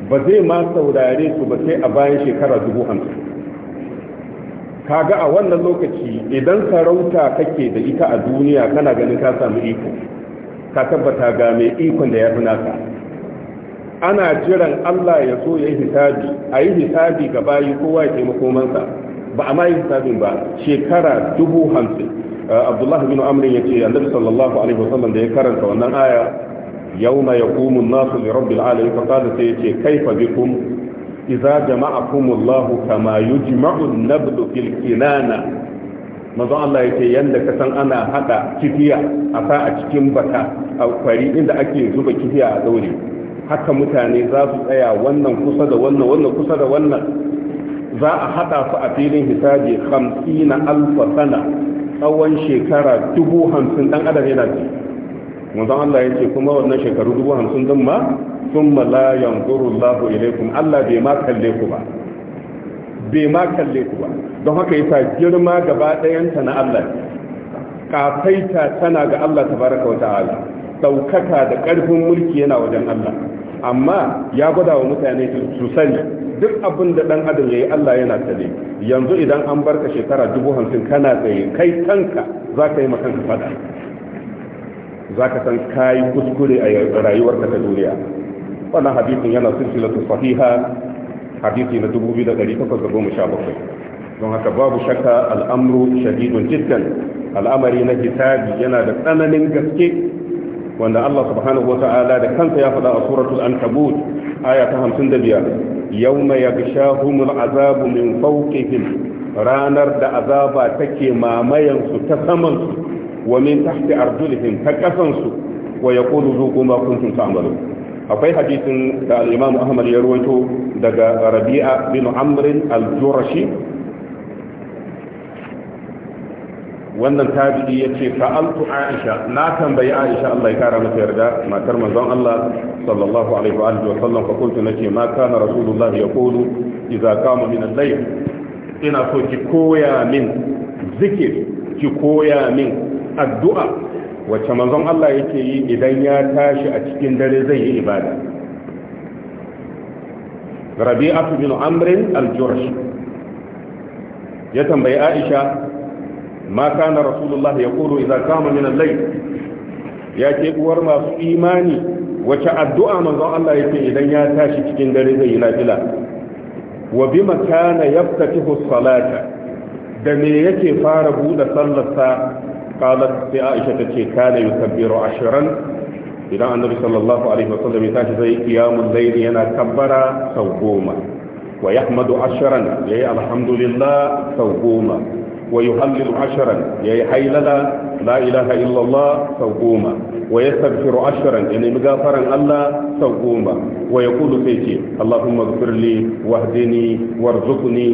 ba zai ma saurare su ba sai a bayan shekara dubu hamsin kaga a wannan lokaci idan sarauta kake da ita a duniya kana ganin ka samu iko ka tabbata ga mai ikon da ya fi naka ana jiran Allah ya so ya yi hisabi a yi hisabi ga bayi kowa ya makomansa ba a ma yi hisabin ba shekara dubu hamsin uh, abdullahi bin amrin ya ce annabi sallallahu alaihi wasallam da ya karanta wannan aya yawma yaqumu an-nasu li rabbil alamin fa qala sai yace kaifa bikum idza jama'akum Allah kama yujma'u an-nablu fil kinana manzo Allah yace yanda ka san ana hada kifiya a sa a cikin bata a kwari inda ake zuba kifiya a daure haka mutane za su tsaya wannan kusa da wannan wannan kusa da wannan za a haɗa su a filin hisabi 50 na alfa sana tsawon shekara dubu hamsin ɗan adam yana ce manzon Allah ya ce kuma wannan shekaru dubu hamsin din ma sun la yanzuru Allahu ilaikum Allah bai ma kalle ku ba bai ma kalle ku ba don haka yasa girma gaba ɗayanta na Allah kafaita tana ga Allah tabaraka wa ta'ala Daukaka da ƙarfin mulki yana wajen Allah amma ya gwada wa mutane su sani duk abin da ɗan adam ya yi Allah yana tare yanzu idan an barka shekara dubu hamsin kana tsaye kai kanka za ka yi ma kanka fada za ka san kayi kuskure a rayuwarka ta duniya wannan hadisin yana silsilatu sahiha hadisi na 2817 don haka babu shakka al'amru shadidun jiddan al'amari na hitabi yana da tsananin gaske wanda Allah subhanahu wa ta'ala da kansa ya faɗa a suratul ankabut aya ta 55 yawma yaghshahumul azabu min fawqihim ranar da azaba take mamayan su ta saman su wa min tahti arjulihim ta kasan su wa yaqulu zuqu ma kuntum ta'malun akwai hadisin da al-imam Ahmad ya rawaito daga Rabi'a bin Amr al-Jurashi wannan tabi'i ya ce fa'altu aisha na tambayi aisha Allah ya kara mata yarda matar manzon Allah sallallahu alaihi wa alihi sallam fa na ce ma kana ya yaqulu idza qama min al-layl ina so ki koya min zikir ki koya min addu'a wacce manzon Allah yake yi idan ya tashi a cikin dare zai yi ibada rabi'atu bin Amrin al jurash ya tambayi aisha ma kana rasulullah yaqulu idan kama min al laif ya ce uwar masu imani wace addu'a manzon Allah ce idan ya tashi cikin dare zai yi nafila wa bima kana yaftatihu salata da me yake fara buɗe sallarsa qalat sai Aisha tace kana yukabbiru ashirin. idan annabi sallallahu alaihi wasallam ya tashi zai qiyamul layl yana kabbara sau goma wa yahmadu ya yayi alhamdulillah sau goma ويهلل عشرا يا حيلنا لا إله إلا الله سوقوما ويستغفر عشرا يعني مغفرا الله سوقوما ويقول فيتي اللهم اغفر لي واهدني وارزقني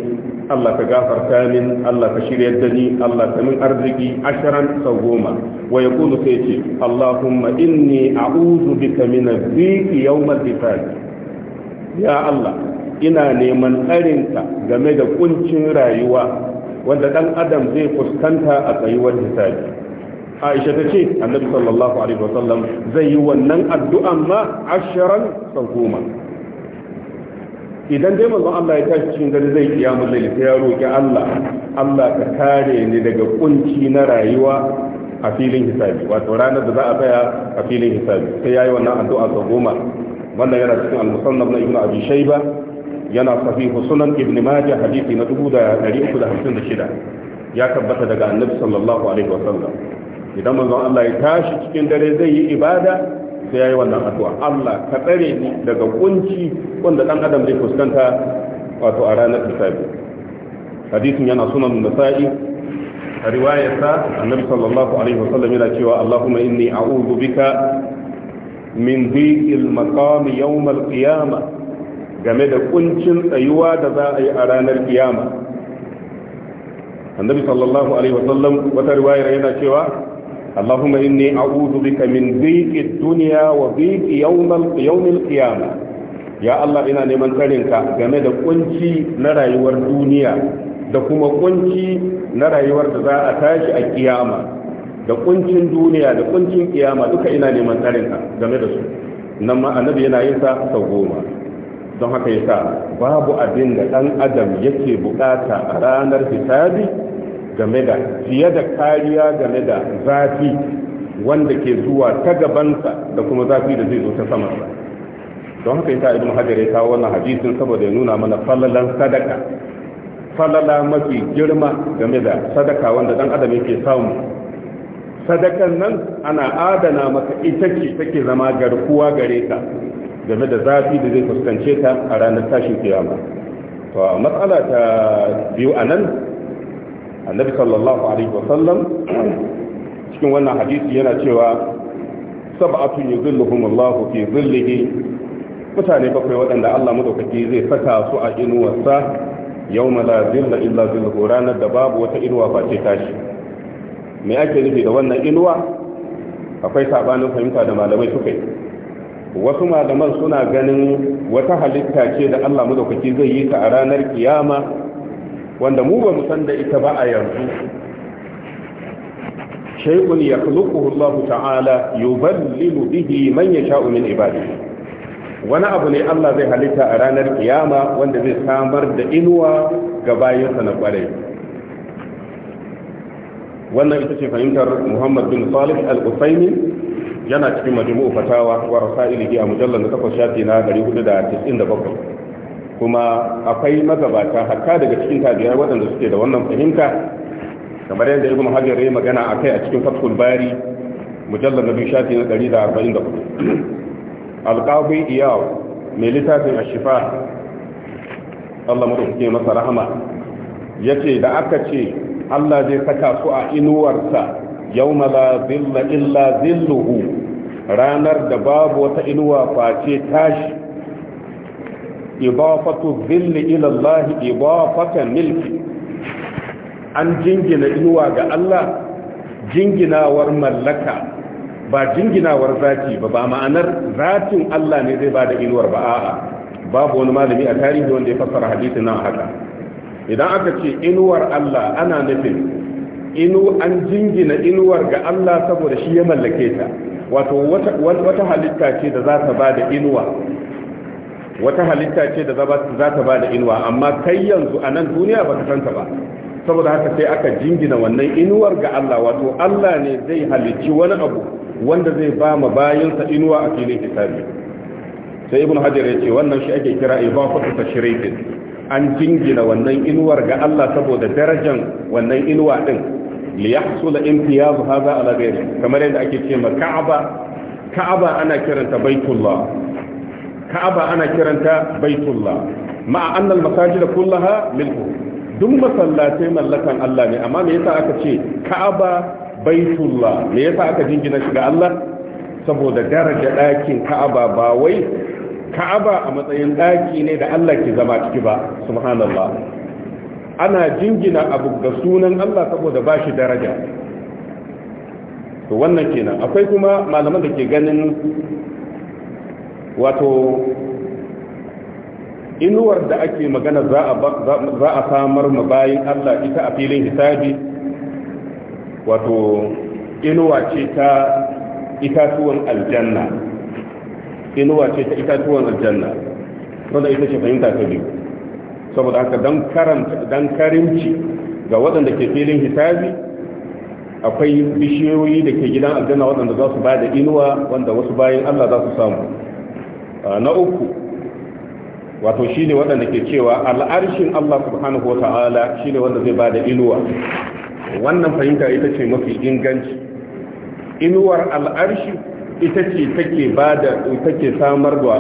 الله تغفر كامل الله تشير يدني الله تمن أرزقي عشرا سوقوما ويقول فيتي اللهم إني أعوذ بك من الضيق يوم الضيق يا الله ina neman tsarinka game da kuncin rayuwa wanda dan adam zai fuskanta a tsayuwar hisabi aisha ta ce annabi sallallahu alaihi wasallam zai yi wannan addu'an ma ashiran sau idan dai manzon Allah ya tashi cikin gari zai kiyamu laili sai ya roki Allah Allah ka kare ni daga kunci na rayuwa a filin hisabi wato ranar da za a tsaya a filin hisabi sai yayi wannan addu'a a goma wannan yana cikin al-musannaf na ibnu Abi Shayba yana sahihu sunan ibn majah hadisi na 1356 ya tabbata daga annabi sallallahu alaihi wasallam idan manzon Allah ya tashi cikin dare zai yi ibada sai yayi wannan addu'a Allah ka tsare ni daga kunci wanda dan adam zai fuskanta wato a ranar hisabi hadisin yana sunan nasa'i a riwayarsa annabi sallallahu alaihi wasallam yana cewa Allahumma inni a'udhu bika min dhiqil maqami yawm al-qiyamah game da kuncin tsayuwa da za a yi a ranar kiyama annabi sallallahu alaihi wasallam wata riwayar yana cewa allahumma inni a'udhu bika min dhiqi dunya wa dhiqi yawm al ya allah ina neman karinka game da kunci na rayuwar duniya da kuma kunci na rayuwar da za a tashi a kiyama da kuncin duniya da kuncin kiyama duka ina neman tsarinka game da su nan ma annabi yana yin sa sau goma don haka yasa babu abin da ɗan adam yake bukata a ranar hisabi game da fiye da kariya game da zafi wanda ke zuwa ta gabansa da kuma zafi da zai zo ta samansa don haka yasa ibn hajar ya kawo wannan hadisin saboda ya nuna mana falalan sadaka falala mafi girma game da sadaka wanda ɗan adam yake samu sadakan nan ana adana maka ita ce take zama garkuwa gare ka game da zafi da zai fuskance ta a ranar tashin kiyama to matsala ta biyu a nan annabi sallallahu alaihi wasallam cikin wannan hadisi yana cewa sab'atun yuzilluhumullahu fi zillihi mutane bakwai waɗanda Allah madaukaki zai saka su a inuwarsa yawma la zilla illa zilluhu ranar da babu wata inuwa ce tashi me ake nufi da wannan inuwa akwai sabanin fahimta da malamai suka yi wasu malaman suna ganin wata halitta ce da Allah madaukaki zai yi ta a ranar kiyama wanda mu ba mu san da ita ba a yanzu shay'un yakhluquhu Allah ta'ala yuballilu bihi man yasha'u min ibadihi wani abu ne Allah zai halitta a ranar kiyama wanda zai samar da inuwa ga bayansa na kwarai wannan ita ce fahimtar Muhammad bin Salih al-Usaini yana cikin majmu'u fatawa wa rasailihi a mujallal na takwas shafi na hudu da da bakwai kuma akwai magabata hatta daga cikin tabiyar waɗanda suke da wannan fahimta kamar yadda ibn hajar ya magana kai a cikin fathul bari mujallal na biyu shafi na hudu. alqabi iyawu mai littafin a shifa Allah madaukake masa rahama ce da aka ce Allah zai saka su a inuwarsa Yau la zilla illa zilluhu ranar da babu wata inuwa face tashi idafatu zilli ila Allah idafatan milki an jingina inuwa ga Allah jinginawar mallaka ba jinginawar zaki ba ba ma'anar zatin Allah ne zai bada inuwar ba a'a babu wani malami a tarihi wanda ya fassara hadisi nan haka idan aka ce inuwar Allah ana nufin inu an jingina inuwar ga Allah saboda shi ya mallake ta wato wata halitta ce da za ta ba da inuwa wata halitta ce da za ta ba da inuwa amma kai yanzu a nan duniya ba ka santa ba saboda haka sai aka jingina wannan inuwar ga Allah wato Allah ne zai halicci wani abu wanda zai ba ma bayansa inuwa a filin hisabi sai ibn hajar ya ce wannan shi ake kira ibafatu tashrikin an jingina wannan inuwar ga Allah saboda darajan wannan inuwa din li yahsul imtiyaz hadha ala ghayri kamar yadda ake ce ma Ka'aba Ka'aba ana kiranta Baitullah Ka'aba ana kiranta Baitullah ma'a anna al-masajid kullaha milku duk masallatai mallakan Allah ne amma me yasa aka ce Ka'aba Baitullah me yasa aka jingina shi ga Allah saboda daraja ɗakin Ka'aba ba wai ka'aba a matsayin ɗaki ne da Allah ke zama ciki ba subhanallah ana jingina abu ga sunan Allah saboda ba shi daraja to wannan kenan akwai kuma malaman da ke ganin wato inuwar da ake magana za a samar ma bayan Allah ita a filin hisabi wato inuwa ce ta itatuwan aljanna inuwa ce ta itatuwan aljanna wanda ita ce fahimta ta biyu saboda haka dan karanta dan karimci ga waɗanda ke filin hisabi akwai bishiyoyi da ke gidan aljanna waɗanda za su bada inuwa wanda wasu bayan Allah za su samu ah, na uku wato shine waɗanda ke cewa al'arshin Allah subhanahu wata'ala shine wanda zai bada inuwa wannan fahimta ita ce mafi inganci inuwar al'arshi ita ce take ba da take samar da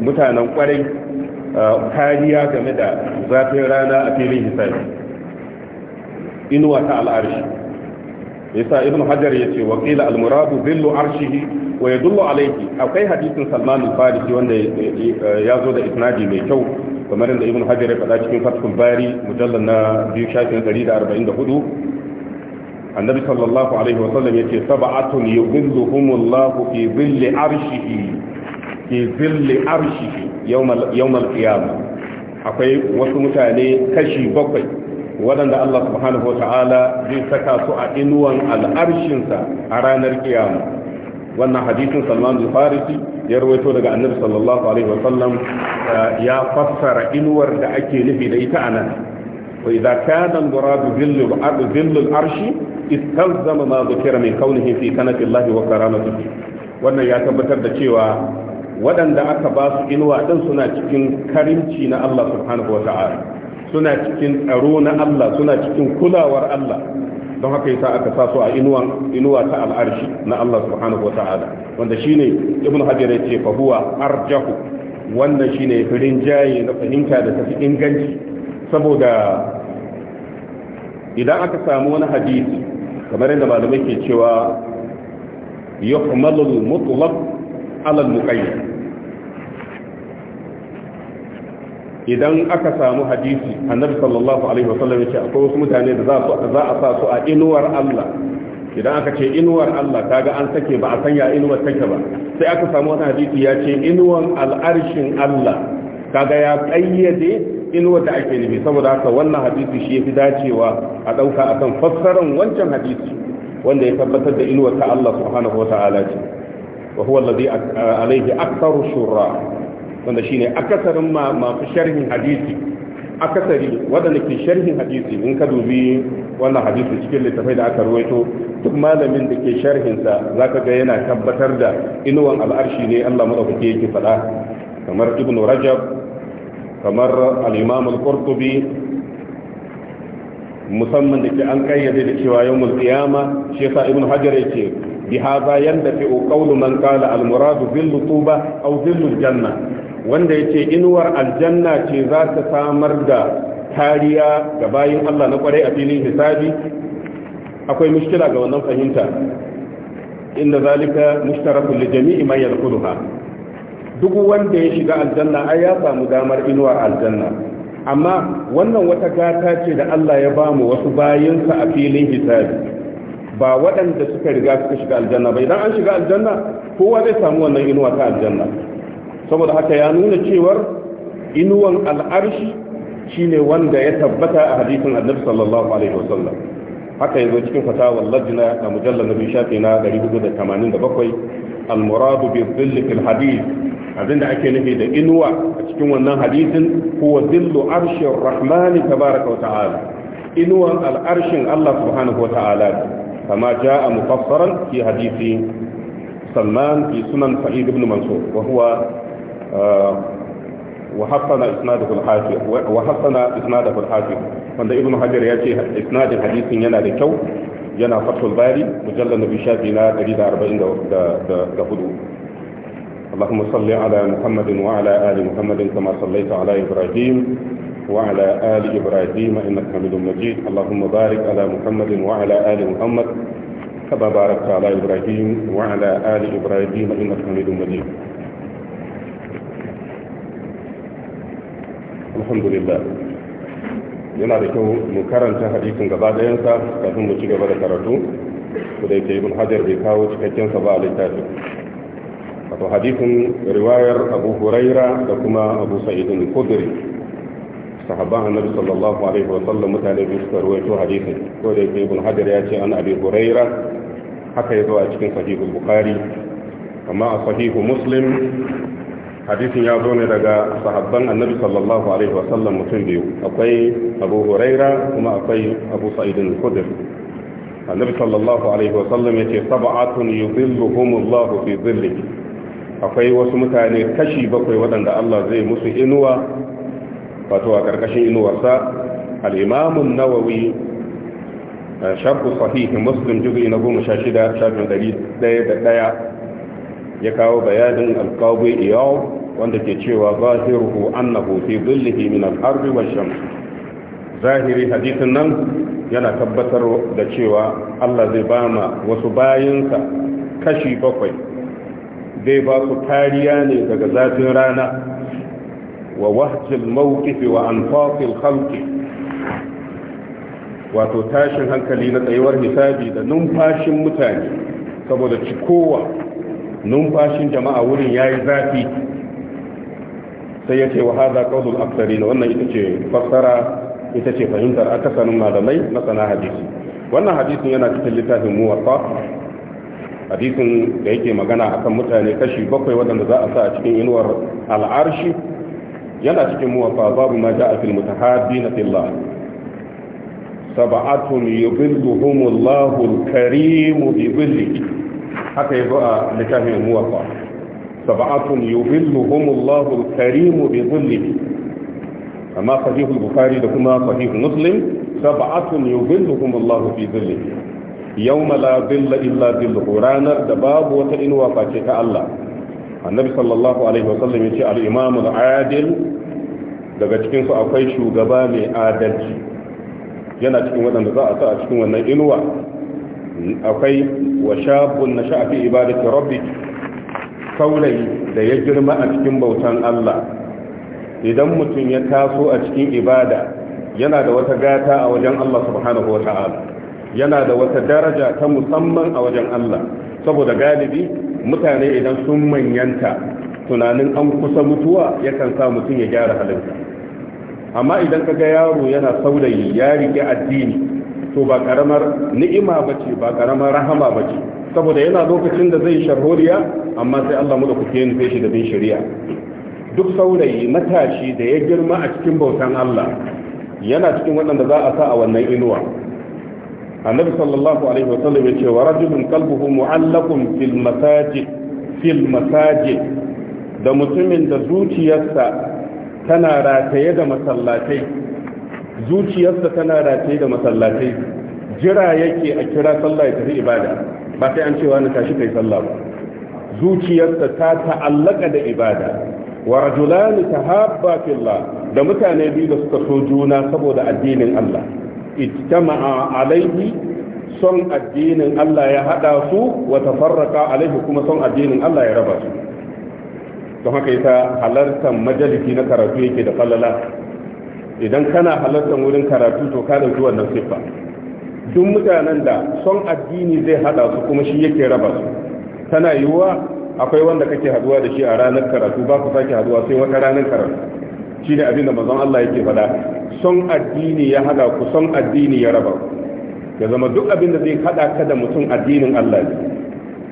mutanen kwarai kariya game da zafin rana a filin hisabi inuwa ta al'arshi sa ibn hajar ya ce wakila al-muradu zillu arshihi wa yadullu alayhi akwai hadisin salman al-farisi wanda ya zo da isnadi mai kyau kamar da ibn hajar ya faɗa cikin fathul bari mujallal na biyu shafin 144 annabi sallallahu alaihi wasallam yace sab'atun yughilluhumullahu fi dhilli arshihi fi dhilli arshihi yawm al-qiyamah akwai wasu mutane kashi bakwai waɗanda Allah subhanahu wata'ala zai saka su a inuwan al'arshinsa a ranar kiyama wannan hadisin Salman al-Farisi ya rawaito daga Annabi sallallahu alaihi wasallam eh, ya fassara inuwar da ake nufi da ita anan wa idza kana arshi istalzama ma zukira min kaunihi fi kanati Allah wa karamatihi wannan ya tabbatar da cewa waɗanda aka ba su inuwa din suna cikin karimci na Allah subhanahu wa ta'ala suna cikin tsaro na Allah suna cikin kulawar Allah don haka yasa aka sa su a inuwa inuwa ta al'arshi na Allah subhanahu wa ta'ala wanda shine ibnu hajar yace fa huwa arjahu wannan shine firin jaye na fahimta da tafi inganci saboda idan aka samu wani hadisi kamar yadda malamai ke cewa yuhmalul mutlaq ala al-muqayyad idan aka samu hadisi annabi sallallahu alaihi wasallam yace akwai wasu mutane da za a sa su a inuwar Allah idan aka ce inuwar Allah kaga an sake ba a sanya inuwar take ba sai aka samu wani hadisi ya ce inuwar al'arshin Allah kaga ya ƙayyade inuwar da ake nufi saboda haka wannan hadisi shi ya fi dacewa a ɗauka a kan fassarar wancan hadisi wanda ya tabbatar da inuwar ta Allah subhanahu ta'ala ce wa huwa alladhi alayhi aktharu shurra wanda shine akasarin ma masu sharhin hadisi akasari wadanda ke sharhin hadisi in ka dubi wannan hadisi cikin littafai da aka ruwaito duk malamin da ke sharhin sa zaka ga yana tabbatar da inuwan al'arshi ne Allah madaukake yake faɗa kamar ibnu rajab kamar al-imam musamman da ke an kayyade da cewa yawmul mulkiyama. shi yasa ibn hajar yake bi hadha yandafi qawlu man qala al-muradu bil lutuba janna wanda ce inuwar aljanna ce za ta samar da kariya ga bayin Allah na kwarai a filin hisabi akwai mushkila ga wannan fahimta inda zalika mushtarakun li jami'i man yadkhuluha duk wanda ya shiga aljanna ai ya samu damar inuwa aljanna amma wannan wata gata ce da Allah ya bamu wasu bayinsa a filin hisabi ba waɗanda suka riga suka shiga aljanna ba idan an shiga aljanna kowa zai samu wannan inuwa ta aljanna saboda haka ya nuna cewar inuwan al'arshi shine wanda ya tabbata a hadisin annabi sallallahu alaihi wasallam haka cikin fatawar lajina a mujallar nabi shafi na 487 al-muradu bi dhilli fil hadith abinda ake nufi da inuwa a cikin wannan hadisin huwa dhillu arshir rahman tabaaraka wa ta'ala inuwan al-arshin Allah subhanahu wa ta'ala kama jaa mufassaran fi hadisi سلمان في سنن سعيد بن منصور وهو وحسن اسناده الحاكم وحسن اسناده الحاكم wanda ibn hajar ya ce isnadin hadisin yana da kyau yana fatul bari mujallal nabi shafi na 144 اللهم صل على محمد وعلى آل محمد كما صليت على إبراهيم وعلى آل إبراهيم إنك حميد مجيد اللهم بارك على محمد وعلى آل محمد كما باركت على إبراهيم وعلى آل إبراهيم إنك حميد مجيد الحمد لله yana da kyau mu karanta hadisin gaba ɗayansa kafin mu ci gaba da karatu ku da yake ibn hajar bai kawo cikakken sa ba a littafin wato hadisin riwayar abu huraira da kuma abu sa'id al-khudri sahabban annabi sallallahu alaihi wa sallam mutane biyu suka ruwaito hadisin ko da yake ibn hajar ya ce an abi huraira haka ya zo a cikin sahihul bukhari amma a sahihu muslim hadisin ya zo ne daga sahabban annabi sallallahu alaihi wa sallam mutum biyu akwai abu huraira kuma akwai abu sa'idin kudur annabi sallallahu alaihi wa sallam ya ce saba'atun yuzilluhumullahu fi zillihi akwai wasu mutane kashi bakwai waɗanda Allah zai musu inuwa wato a ƙarƙashin inuwarsa al'imamun nawawi eh, sharku sahihin muslim juzi na goma sha shida shafin ɗari ɗaya da ɗaya ya kawo bayanin alƙawai iyawar wanda ke cewa zahiruhu annahu fi dhillihi min al-ard wa shams zahiri hadisin nan yana tabbatar da cewa Allah zai ba ma wasu bayinsa kashi bakwai zai ba su kariya ne daga zafin rana wa wahjil mawqif wa anfaqil khalqi wato tashin hankali na tsayuwar hisabi da numfashin mutane saboda cikowa numfashin jama'a wurin yayi zafi sai ya ce wa haza qaulul aktharin wannan ita ce fassara ita ce fahimtar akasarin malamai masana hadisi wannan hadisin yana cikin littafin muwatta hadisin da yake magana akan mutane kashi bakwai waɗanda za a sa a cikin inuwar al'arshi yana cikin muwafa babu ma ja'a fil mutahaddin fillah sab'atun yudhilluhum al-karim bi haka yazo a littafin muwafa سبعة يظلهم الله الكريم بظله أما صحيح البخاري لكما صحيح مسلم سبعة يظلهم الله في ظله يوم لا ظل إلا ظله رانا دباب وتئن وفاتك الله النبي صلى الله عليه وسلم يقول الإمام العادل daga cikinsu akwai shugaba mai adalci yana cikin waɗanda za a sa a cikin wannan inuwa akwai wa shabun na sha'afi ibadati rabbik saurayi da ya girma a cikin bautan Allah idan mutum ya taso a cikin ibada yana da wata gata a wajen Allah subhanahu wa ta'ala yana da wata daraja ta musamman a wajen Allah saboda galibi mutane idan sun manyanta tunanin an kusa mutuwa yakan sa mutum ya gyara halinsa amma idan kaga yaro yana saurayi ya rike addini to ba karamar ni'ima bace ba karamar rahama bace saboda yana lokacin da zai sharholiya amma sai Allah madaukake ya shi da bin shari'a duk saurayi matashi da ya girma a cikin bautan Allah yana cikin waɗanda za a sa a wannan inuwa annabi sallallahu alaihi wasallam ya cewa, wa rajulun qalbuhu mu'allaqun fil masajid fil masajid da mutumin da zuciyarsa tana rataye da masallatai zuciyarsa tana rataye da masallatai jira yake a kira sallah ya tafi ibada ba sai an cewa na tashi kai sallah ba zuciyarsa ta ta'allaka da ibada wa rajulani tahabba fillah da mutane biyu da suka so juna saboda addinin Allah ittama'a alaihi son addinin Allah ya hada su wa tafarraqa alaihi kuma son addinin Allah ya raba su don haka yasa halartar majalisi na karatu yake da falala idan kana halartar wurin karatu to ka dauki wannan siffa duk mutanen da son addini zai hada su kuma shi yake raba su tana yiwuwa akwai wanda kake haduwa da shi a ranar karatu ba ku sake haduwa sai wata ranar karatu shi ne abin da mazan Allah yake faɗa son addini ya hada ku son addini ya raba ku. ya zama duk abin da zai hada ka da mutum addinin Allah ne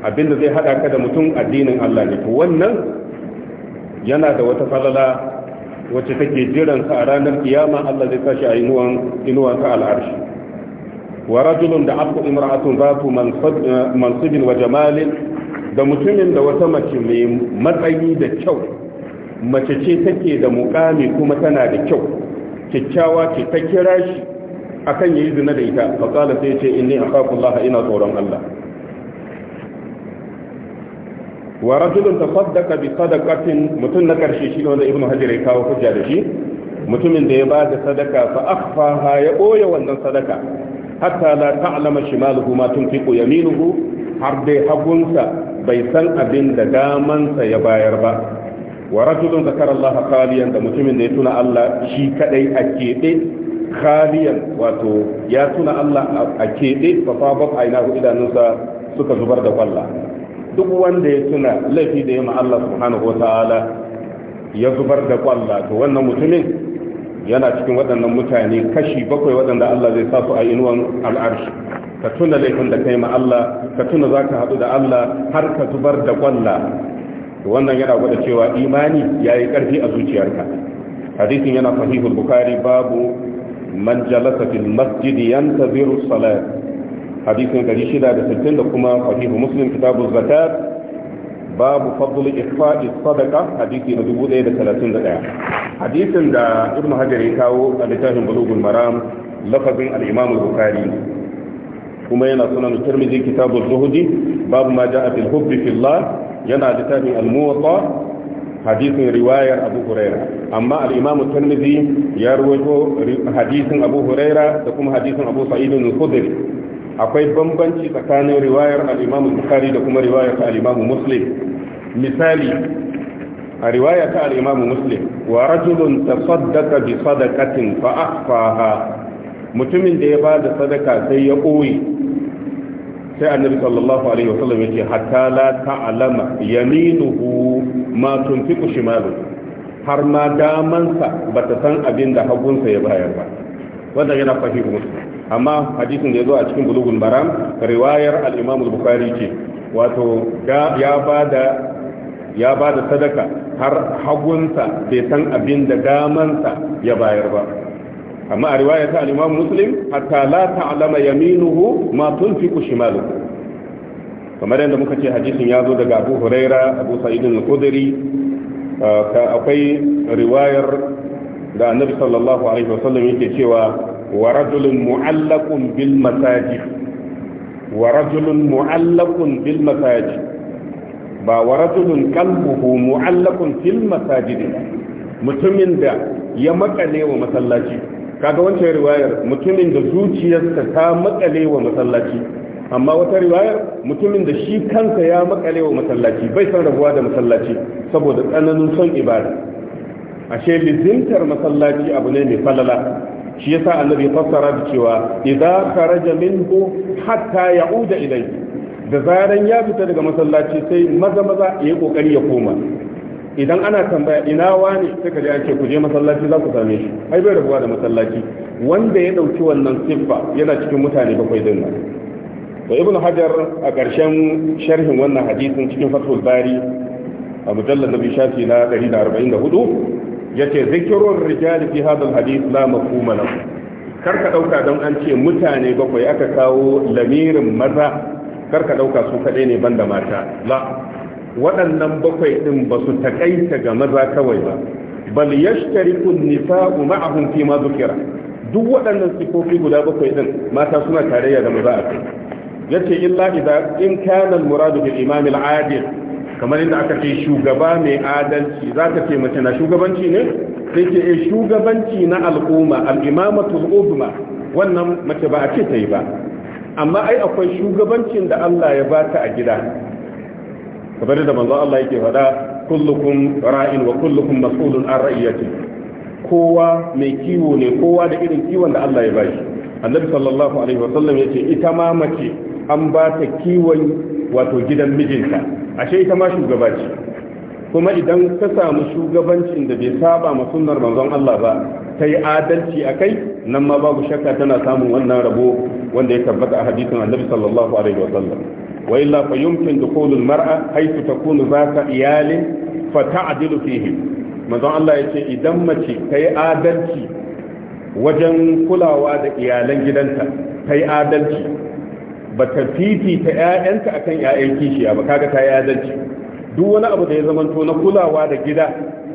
abin da zai hada ka da mutum addinin Allah ne to wannan yana da wata falala wacce take jiran sa a ranar kiyama Allah zai shi a inuwan inuwan ka al'arshi wa rajulun da aku imra'atun zatu da mutumin da wata mace mai matsayi da kyau mace ce take da mukami kuma tana da kyau kyakkyawa ce ta kira shi akan yayi zina da ita fa qala sai ce inni akhafullaha ina tsoron Allah wa rajulun tasaddaqa bi sadaqatin mutum na karshe shi ne wanda ibnu hajar ya kawo hujja da shi mutumin da ya ba da sadaka fa akhfaha ya boye wannan sadaka hatta la ta'lama shimaluhu ma tunfiqu yaminuhu har dai hagunsa bai san abin da damansa ya bayar ba wa rajulun zakara Allah khaliyan da mutumin da ya tuna Allah shi kadai a keɓe khaliyan wato ya tuna Allah a keɓe fa fa ba aina idanunsa suka zubar da kwalla duk wanda ya tuna laifi da ya ma Allah subhanahu wa ta'ala ya zubar da kwalla to wannan mutumin yana cikin waɗannan mutane kashi bakwai waɗanda Allah zai sa su a inuwan al'arshi ka tuna laifin da kai ma Allah ka tuna za ka haɗu da Allah har ka zubar da ƙwalla wannan yana gwada cewa imani ya yi ƙarfi a zuciyarka hadisin yana sahihul bukari babu man jalasa fil masjidi yantaziru salat hadisin 660 da kuma sahihu muslim kitabuz zakat باب فضل إخفاء الصدقة حديث مجموعة إيدة ثلاثين حديث دا ابن حجر يكاو النتاج بلوغ المرام لفظ الإمام البخاري كما ينصنع الترمذي كتاب الزهدي باب ما جاء في الحب في الله ينا نتاج الموطا حديث رواية أبو هريرة أما الإمام الترمذي يروي حديث أبو هريرة تكون حديث أبو سعيد الخدري akwai bambanci tsakanin riwayar al-Imam Bukhari da kuma riwayar al-Imam Muslim misali a riwayar ta al-Imam Muslim wa rajulun tasaddaqa bi sadaqatin fa mutumin da ya ba da sadaka sai ya koyi sai annabi sallallahu alaihi wasallam yake hatta la ta'lama yaminuhu ma tunfiqu shimalu har ma damansa bata san abin da hagunsa ya bayar ba wanda yana fahimu muslim amma hadisin da ya zo a cikin bulugun baram riwayar al bukhari ce wato ya bada ba da sadaka har hagunsa bai san abin da damansa ya bayar ba amma a riwayar ta al-imam muslim hatta la ta'lama yaminuhu ma tunfiqu shimaluhu kamar yadda muka ce hadisin ya zo daga Abu Huraira Abu Sa'id al-Khudri eh, akwai riwayar da Annabi sallallahu alaihi wasallam yake cewa wa rajulun mu'allaqun bil masajid wa rajulun mu'allaqun bil masajid ba wa rajulun qalbuhu mu'allaqun fil da ya makale wa masallaci kaga wancan riwayar mutumin da zuciyarsa ta makale wa masallaci amma wata riwayar mutumin da shi kansa ya makale wa masallaci bai san rabuwa da masallaci saboda tsananin son ibada ashe lizintar masallaci abu ne mai falala shi yasa annabi ya fassara da cewa idza kharaja minhu hatta ya'uda ilayhi da zaran ya fita daga masallaci sai maza maza ya kokari ya koma idan ana tambaya ina wani sai ka ku je masallaci za ku same shi ai bai rabuwa da masallaci wanda ya dauki wannan siffa yana cikin mutane bakwai din nan to ibnu hajar a ƙarshen sharhin wannan hadisin cikin fathul bari a mujallal nabi shafi na 144 yace zikirun rijal fi hadal hadith la mafhuma lahu karka dauka don an ce mutane bakwai aka kawo lamirin maza karka dauka su kadai ne banda mata la waɗannan bakwai din ba su takaita ga maza kawai ba bal yashtariku nisa'u ma'ahum fi ma dhukira duk waɗannan sifofi guda bakwai din mata suna tarayya da maza a kai yace illa idan in kana al-muradu bil imam al-adil kamar inda aka ce shugaba mai adalci za ka ce mace na shugabanci ne sai ce eh, shugabanci na al'umma al'imamatul uzma wannan mace ba a ce ta yi ba amma ai akwai shugabancin da Allah ya ba ta a gida kamar da manzo Allah yake faɗa kullukum ra'in wa kullukum mas'ulun an ra'iyati kowa mai kiwo ne kowa da irin kiwon da Allah ya ba shi annabi sallallahu alaihi wa sallam yace ita ma mace an ba ta kiwon wato gidan mijinta ashe ita ma shugaba ce kuma idan ka samu shugabancin da bai saba ma sunnar manzon Allah ba ta yi adalci a kai nan ma babu shakka tana samun wannan rabo wanda ya tabbata a hadisin annabi sallallahu alaihi wa sallam wa illa fa yumkin dukhulul mar'a haythu takunu zata iyalin fa ta'dilu fihi manzon Allah yace idan mace ta yi adalci wajen kulawa da iyalan gidanta ta yi adalci ba ta fifita ‘ya'yanta a kan ‘ya'yan kishiya ba kaga ta adalci. duk wani abu da ya zamanto na kulawa da gida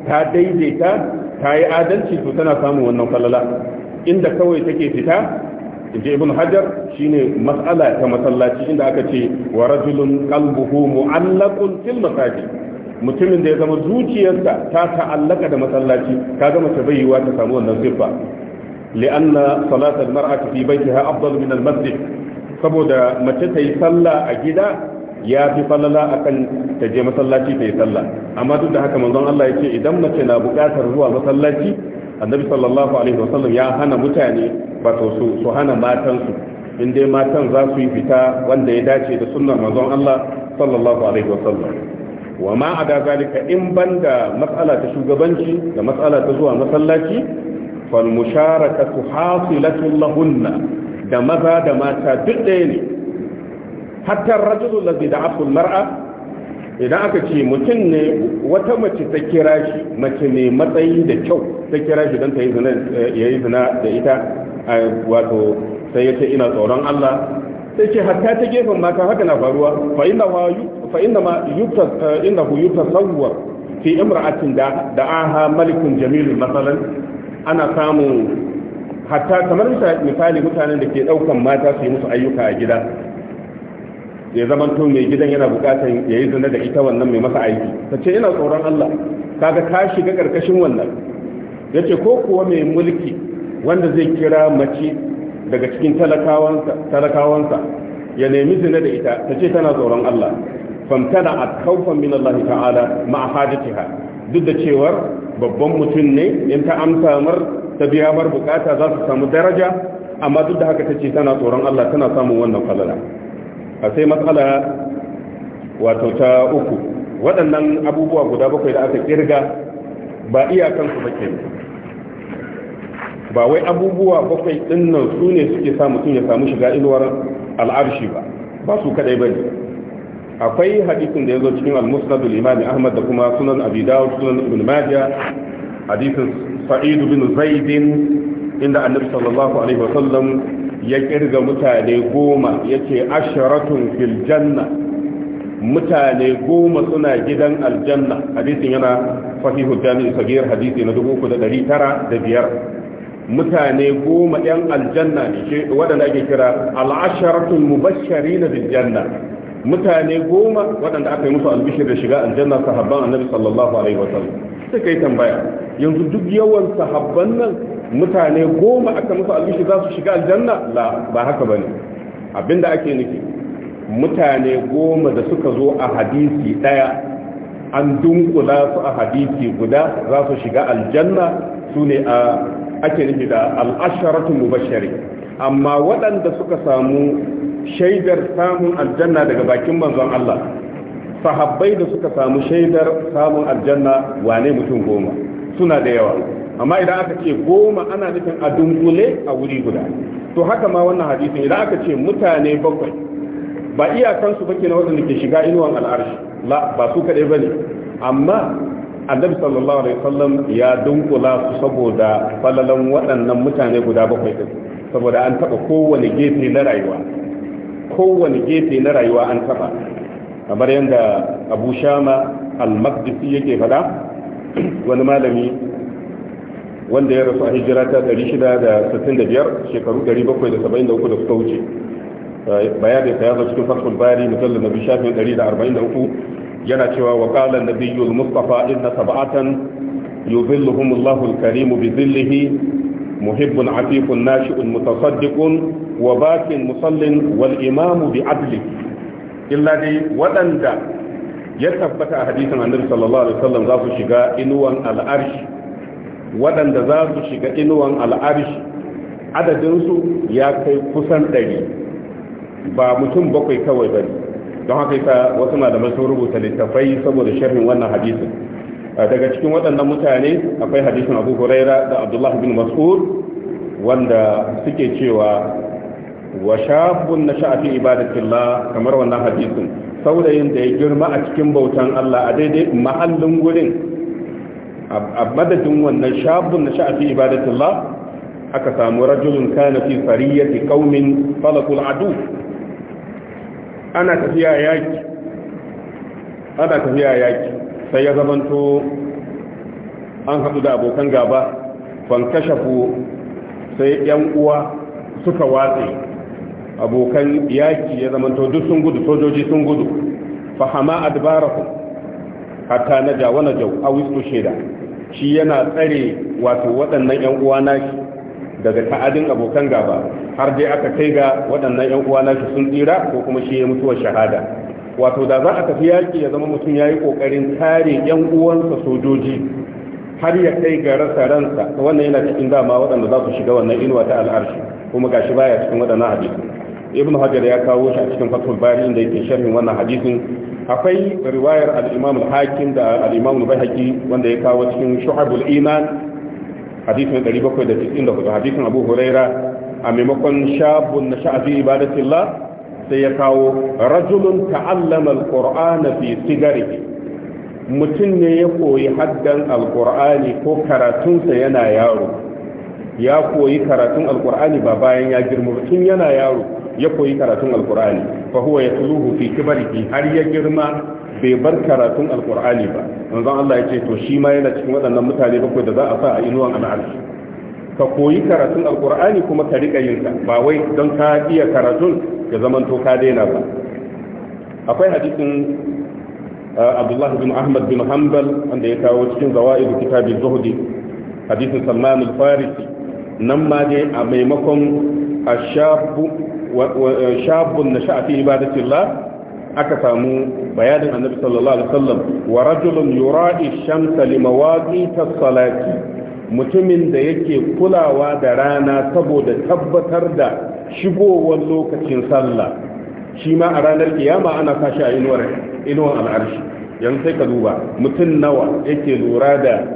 ta daidaita ta yi adalci to tana samun wannan falala inda kawai take fita inji ibn hajar shine mas'ala ta masallaci inda aka ce wa rajulun qalbuhu mu'allaqun fil masajid mutumin da ya zama zuciyarsa ta ta'allaka da masallaci ta mace bai yiwa ta samu wannan siffa li'anna salatul mar'ati fi baytiha afdalu min al-masjid saboda mace ta yi sallah a gida ya fi falala akan ta je masallaci ta yi sallah amma duk da haka manzon Allah ya ce idan mace na buƙatar zuwa masallaci annabi sallallahu alaihi wasallam ya hana mutane ba su su hana matansu in dai matan za su yi fita wanda ya dace da sunnar manzon Allah sallallahu alaihi wasallam wa ma ada zalika in banda mas'ala ta shugabanci da mas'ala ta zuwa masallaci fal musharakatu hasilatu lahunna da maza da mata duk ɗaya ne hatta rajulun lazi da aful mar'a idan aka ce mutum ne wata mace ta kira shi mace ne matsayi da kyau ta kira shi don ta yi zina eh, da ita wato sai ya ce ina tsoron Allah sai ce hatta ta gefen mata haka na faruwa fa inna ma yutas inna eh, fi imra'atin da da aha malikun Jamilu masalan ana samun hatta kamar misali mutanen da ke daukan mata su yi musu ayyuka a gida ya zama to mai gidan yana bukatar ya yi zina da ita wannan mai masa aiki ta ce ina tsoron Allah kaga ta shiga karkashin wannan ya ce ko kuwa mai mulki wanda zai kira mace daga cikin talakawansa ya nemi zina da ita ta ce tana tsoron Allah famtana a kaufan min Allah ta'ala ma'a hajatiha duk da cewar babban mutum ne in ta amsa mar ta biya mar bukata za su samu daraja amma duk da haka ta ce tana tsoron Allah tana samun wannan falala a sai matsala wato ta uku waɗannan abubuwa guda bakwai da aka kirga ba iyakansu ba ke ba wai abubuwa bakwai nan su ne suke sa mutum ya samu shiga inuwar al'arshi ba ba su kadai bane akwai hadisin da ya zo cikin al-musnad al-imam Ahmad da kuma sunan Abi Dawud sunan Ibn Majah hadisin sa'id bin zaid inda annabi sallallahu alaihi wasallam ya kirga mutane goma yace asharatun fil janna mutane goma suna gidan aljanna hadisin yana sahihul jami'i sagir hadisi na 3905 mutane goma yan aljanna ne wadanda ake kira al'asharatul mubashshirin bil janna mutane goma wadanda aka yi musu albishir da shiga aljanna sahabban annabi sallallahu alaihi wasallam sai kai tambaya yanzu duk yawan sahabban nan mutane goma aka musu albishi za su shiga aljanna la ba haka bane abinda ake nufi mutane goma da suka zo a hadisi daya an dunkula su a hadisi guda za su shiga aljanna su ne a ake nufi da al'asharatu mubashari amma waɗanda suka samu shaidar samun aljanna daga bakin manzon Allah sahabbai da suka samu shaidar samun aljanna wane mutum goma suna da yawa amma idan aka ce goma ana nufin a dungule a wuri guda to haka ma wannan hadisin idan aka ce mutane bakwai ba iyakansu ba ke na waɗanda ke shiga inuwan al'arshi la ba su kaɗai ba ne amma annabi sallallahu alaihi wasallam ya dunkula su saboda falalan waɗannan mutane guda bakwai din saboda an taɓa kowane gefe na rayuwa kowane gefe na rayuwa an taɓa kamar yadda abu shama al-maqdisi yake faɗa wani malami wanda ya rasu a hijira ta 665 shekaru 773 da suka wuce bayanin sa ya zo cikin fasul bari mujallal nabi shafin 143 yana cewa wa qala an-nabiyyu mustafa inna sab'atan yuzilluhum Allahu al-karim bi dhillihi muhibbun afifun nashi'un mutasaddiqun wa bakin musallin wal imamu bi adlihi illa dai waɗanda ya tabbata a hadisin annabi sallallahu alaihi wasallam za su shiga inuwan al'arshi waɗanda za su shiga inuwan al'arshi su ya kai kusan ɗari ba mutum bakwai kawai ba don haka yasa wasu malamai sun rubuta littafai saboda sharhin wannan hadisin daga cikin waɗannan mutane akwai hadisin abu huraira da abdullahi bin mas'ud wanda suke cewa wa shabun nasha'a fi ibadatillah kamar wannan hadisin saurayin da ya girma a cikin bautan Allah a daidai mahallin gurin a madadin wannan shabun nasha'a fi ibadatillah aka samu rajulun kana fi sariyati qaumin falakul adu ana tafiya yaki ana tafiya yaki sai ya zamanto an hadu da abokan gaba fankashafu sai yan uwa suka watse abokan yaki ya to duk sun gudu sojoji sun gudu fahama adbaraku hatta na jau a aw sheda shi yana tsare wato waɗannan yan uwa nashi daga ta'adin abokan gaba har dai aka kai ga waɗannan yan uwa nashi sun tsira ko kuma shi ya mutuwa shahada wato da za a tafi yaki ya zama mutum ya yi kokarin kare yan uwansa sojoji har ya kai ga rasa ransa wannan yana cikin dama waɗanda za su shiga wannan inuwa ta al'arshi kuma gashi baya cikin waɗannan hadisi ibn hajar ya kawo shi a cikin fatul bari inda yake sharhin wannan hadisin akwai riwayar al-imam al-hakim da al-imam al wanda ya kawo cikin shu'abul iman hadisin 794 hadisin abu huraira a maimakon shabun na sha'afi ibadatillah sai ya kawo rajulun ta'allama al-qur'ana fi sigari mutum ne ya koyi haddan alkur'ani ko karatunsa yana yaro ya koyi karatun alkur'ani ba bayan ya girma tun yana yaro ya koyi karatun alkur'ani fa huwa yatluhu fi kibrihi har ya girma bai bar karatun alkur'ani ba manzo Allah ya ce to shi ma yana cikin waɗannan mutane bakwai da za a sa a inuwan al'arshi ka koyi karatun alkur'ani kuma ka rika yin ba wai don ka iya karatun ya zamanto ka daina ba akwai hadisin uh, Abdullah bin Ahmad bin Hanbal wanda ya kawo cikin zawaidu kitabin zuhdi hadisin Salman al-Farisi nan ma dai a maimakon ashabu Eh, shabun na sha'afi ibadatillah aka samu bayanin annabi sallallahu alaihi wasallam wa rajulun yura'i shamsa limawaqitas salati mutumin da yake kulawa da rana saboda tabbatar da shigowar lokacin sallah shi ma a ranar kiyama ana sashi a inuwar inuwar al'arshi yanzu sai ka duba mutum nawa yake lura da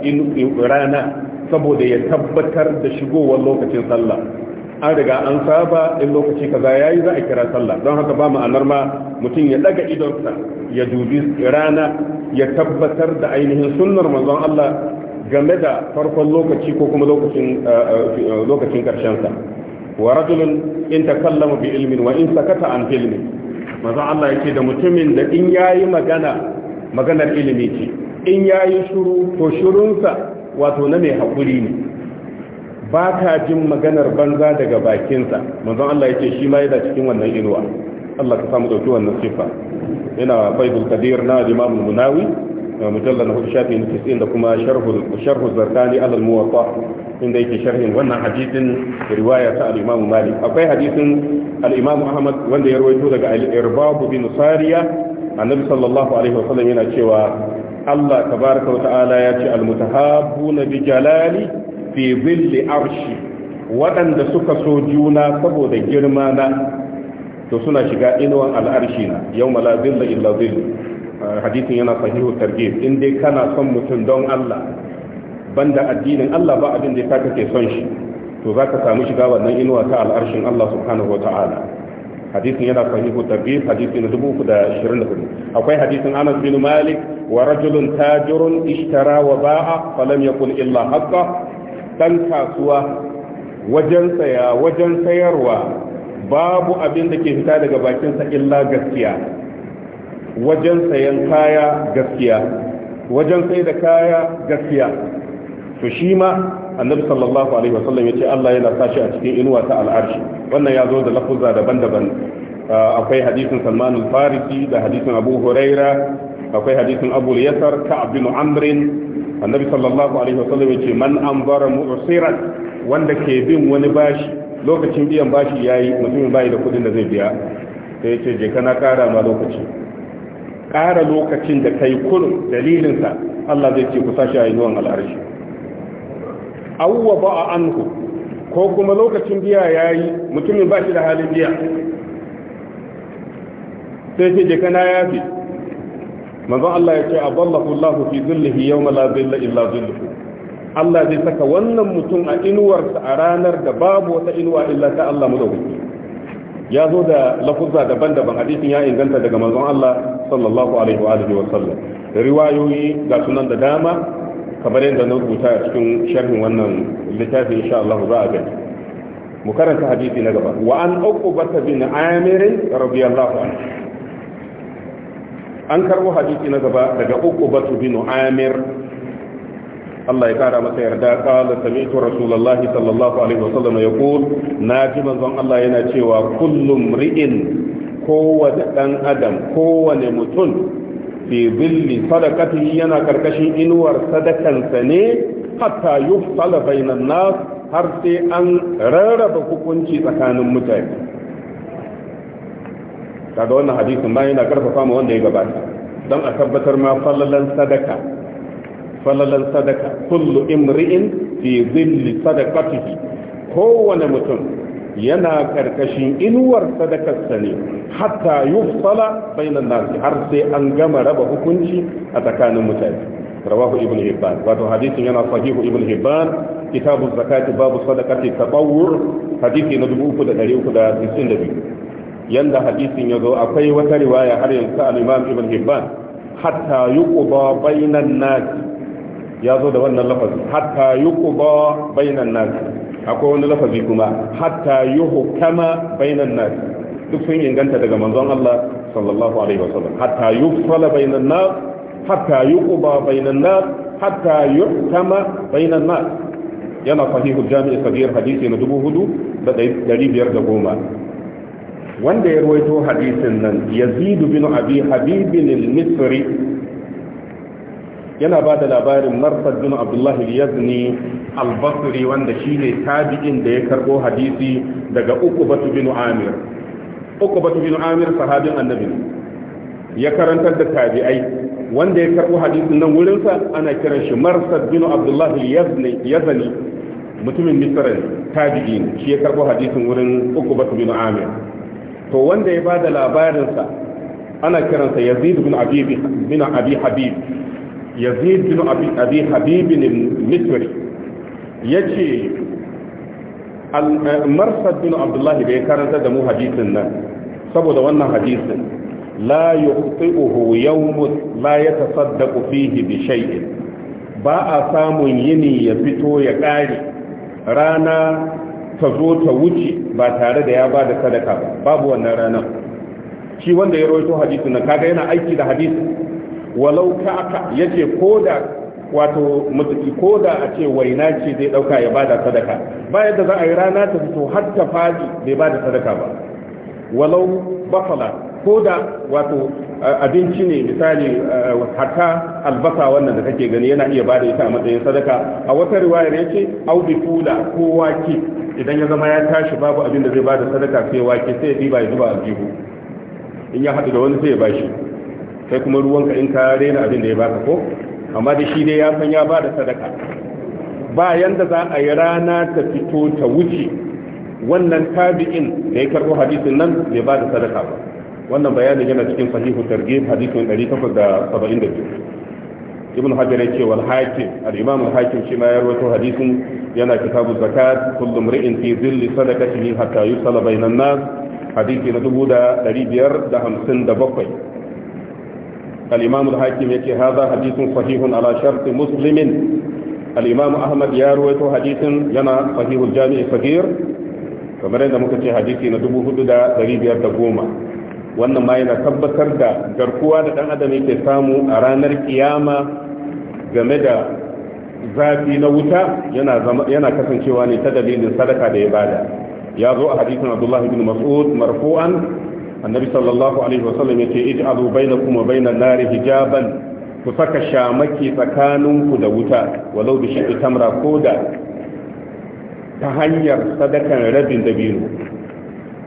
rana saboda ya tabbatar da shigowar lokacin sallah an riga an saba in lokaci kaza yayi za a kira sallah don haka ba mu ma'anar ma mutum ya daga idonsa ya dubi rana ya tabbatar da ainihin sunnar manzon Allah game da farkon lokaci ko kuma lokacin eh, eh, lokacin karshen sa wa rajulun in takallama bi ilmin wa in sakata an ilmin manzon Allah yake da mutumin da in yayi magana maganar ilimi ce in yayi shuru to shurunsa wato na mai hakuri ne ba ka jin maganar banza daga bakinsa manzon Allah yake shi ma yana cikin wannan inuwa Allah ka samu dauki wannan sifa yana faidul qadir na imam munawi mujallal hudu shafi na 90 da kuma sharhu zartani zarkani al muwatta inda yake sharhin wannan hadisin riwaya ta al imam malik akwai hadisin al imam ahmad wanda ya rawaito daga al irbab bin sariya annabi sallallahu alaihi wa sallam yana cewa Allah tabaraka wa ta'ala ya ce al mutahabbuna bi jalali fi zilli arshi waɗanda suka so juna saboda girma na to suna shiga inuwan al'arshi na yau mala zilla illa zilli hadisin yana sahihu targhib in dai kana son mutum don Allah banda addinin Allah ba abin da ya kake son shi to za ka samu shiga wannan inuwa ta al'arshin Allah subhanahu wa ta'ala hadisin yana sahihu targhib hadisi na 324 akwai hadisin Anas bin Malik wa rajulun tajirun ishtara wa ba'a falam yakun illa haqqa ɗan kasuwa wajen saya wajen sayarwa babu abin da ke fita daga bakinsa illa gaskiya wajen sayan kaya gaskiya wajen sai da kaya gaskiya to shi ma annabi sallallahu alaihi wasallam ya ce Allah yana sa shi a cikin inuwa ta al'arshi wannan ya zo da lafuzza daban-daban akwai hadisin Salman al-Farisi da hadisin Abu Huraira akwai hadisin abu yasar ka abin amrin annabi sallallahu alaihi wasallam yace man anzara mu'siran wanda ke bin wani bashi lokacin biyan bashi yayi mutumin bai da kudin da zai biya sai yace je kana kara ma lokaci kara lokacin da kai kullu dalilin sa Allah zai ce ku sashi ayi zuwan al'arshi awwa wada'a anhu ko kuma lokacin biya yayi mutumin bashi da halin biya sai yace je kana yafi manzon Allah ya ce a aballahu Allahu fi dhillihi yawma la dhilla illa dhilluhu Allah zai saka wannan mutum a inuwarsa a ranar da babu wata inuwa illa ta Allah madaukaki ya zo da lafuzza daban-daban hadisin ya inganta daga manzon Allah sallallahu alaihi wa alihi wa sallam riwayoyi ga sunan da dama kamar yadda na rubuta a cikin sharhin wannan littafi insha Allah za a gani mu karanta hadisi na gaba wa an uqba bin amir radiyallahu anhu an karbo hadisi na gaba daga uku batu bin amir Allah ya kara masa yarda qala sami'tu rasulullahi sallallahu alaihi wasallam yaqul naji manzon Allah yana cewa kullum ri'in kowane dan adam kowane mutum fi billi sadaqatihi yana karkashin inuwar sadakansa ne hatta yufsala bainan nas har sai an rarraba hukunci tsakanin mutane kaga wannan hadisin ma yana karfafa ma wanda ya gabata don a tabbatar ma fallalan sadaka fallalan sadaka kullu imri'in fi zilli sadaqatihi kowane mutum yana karkashin inuwar sadakarsa ne hatta yufsala bainan nasi har sai an gama raba hukunci a tsakanin mutane rawahu ibn hibban wato hadisin yana sahihu ibn hibban kitabu zakati babu sadakati tabawur hadisi na 3392 yanda hadisin ya zo akwai wata riwaya har yanzu al-imam ibn hibban hatta yuqda bainan nas ya zo da wannan lafazi hatta yuqda bainan nas akwai wani lafazi kuma hatta yuhkama bainan nas duk sun inganta daga manzon Allah sallallahu alaihi wa wasallam hatta yufsala bainan nas hatta yuqda bainan nas hatta yuhkama bainan nas yana sahihu jami'i sabir hadisi na dubu hudu da ɗari biyar da goma wanda ya ruwaito hadisin nan yazid bin abi habib al-misri yana ba da labarin marfad bin abdullahi al-yazni al-basri wanda shine tabi'in da ya karbo hadisi daga batu bin amir batu bin amir sahabin annabi ya karantar da tabi'ai wanda ya karbo hadisin nan wurinsa ana kiran shi marfad bin abdullahi al-yazni mutumin misra tabi'in shi ya karbo hadisin wurin batu bin amir to wanda ya bada labarinsa ana kiransa yazid bin abi bin abi habib yazid bin abi abi habib bin misri yace eh, marsad bin abdullahi bai karanta da mu hadisin nan saboda wannan hadisin la yuqti'uhu yawmun la yatasaddaqu fihi bi shay'in ba a samun yini ya fito ya kare rana ta zo ta wuce ba tare da ya ba da sadaka ba babu wannan ranar shi wanda ya rawaito hadisu na kaga yana aiki da hadisu walau ka'aka ko da wato mutuki da a ce waina ce zai dauka ya bada sadaka ba yadda za a yi rana ta fito har ta fadi bai bada sadaka ba walau bafala ko da wato abinci ne misali hatta albasa wannan da kake gani yana iya bada ita a matsayin sadaka a wata riwayar ya ce bi fula ko wake idan ya zama ya tashi babu abin da zai bada sadaka sai wake sai ya diba ya zuba jihu in ya haɗu da wani sai ya bashi sai kuma ruwanka in ka rena abin da ya baka ko amma da shi dai ya san ya bada sadaka bayan da za a yi rana ta fito ta wuce wannan tabi'in da ya karɓo hadisin nan bai bada sadaka ba wannan bayanin yana cikin sahihu targhib hadisin 872 ibn hajar yake wal hakim al-imam al-hakim shi ma ya rawaito hadisin yana kitabu zakat kullu mri'in fi dhilli sadaqatihi hatta yusala bainan nas hadisi na 1557 al-imam al-hakim yake hadha hadisun sahihun ala shart muslimin al-imam ahmad ya rawaito hadisin yana sahihul jami' saghir kamar yadda muka ce hadisi na 4510 wannan ma yana tabbatar da garkuwa da dan adam yake samu a ranar kiyama game da zafi na wuta yana kasancewa ne ta dalilin sadaka da ya bada ya zo a hadisin abdullah ibn mas'ud marfu'an annabi sallallahu alaihi wasallam yace ij'alu bainakum wa bainan nari hijaban ku saka shamaki tsakaninku da wuta walau bi shi'i tamra ko da ta hanyar sadakan rabin dabino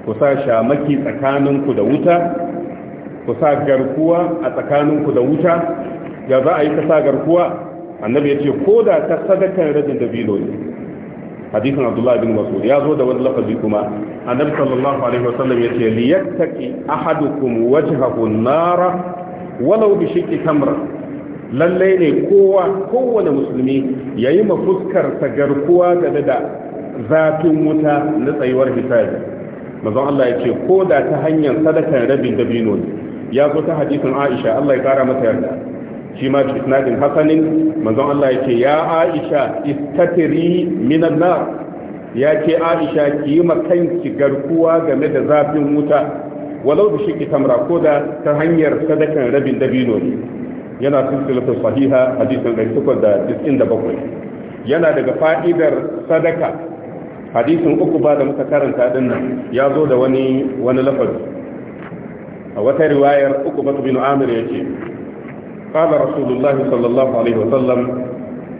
ku sa shamaki tsakaninku da wuta ku sa garkuwa a tsakaninku da wuta ya za a yi ka sa garkuwa annabi ya ce ko da ta sadakar rajin dabino ne hadisin Abdullahi bin mas'ud ya zo da wani lafazi kuma annabi sallallahu alaihi sallam ya ce li yattaqi ahadukum wajhahu nara walau bi shiqqi tamra lalle ne kowa kowane musulmi yayi mafuskar ta garkuwa game da zafin wuta na tsayuwar hisabi manzon Allah ya ce ko da ta hanyar sadakan rabin dabino ne ya zo ta hadisin Aisha Allah ya kara mata yarda shi ma isnadin hasanin manzon Allah ya ce ya Aisha istatiri minan nar ya ce Aisha ki yi makanki garkuwa game da zafin wuta walau da shi tamra ko da ta hanyar sadakan rabin dabino ne yana silsilatu sahiha hadisin 897 yana daga fa'idar sadaka hadisin uku ba da muka karanta din nan ya zo da wani wani lafazi a wata riwayar uku ba bin amir ya ce kada rasulullah sallallahu alaihi wasallam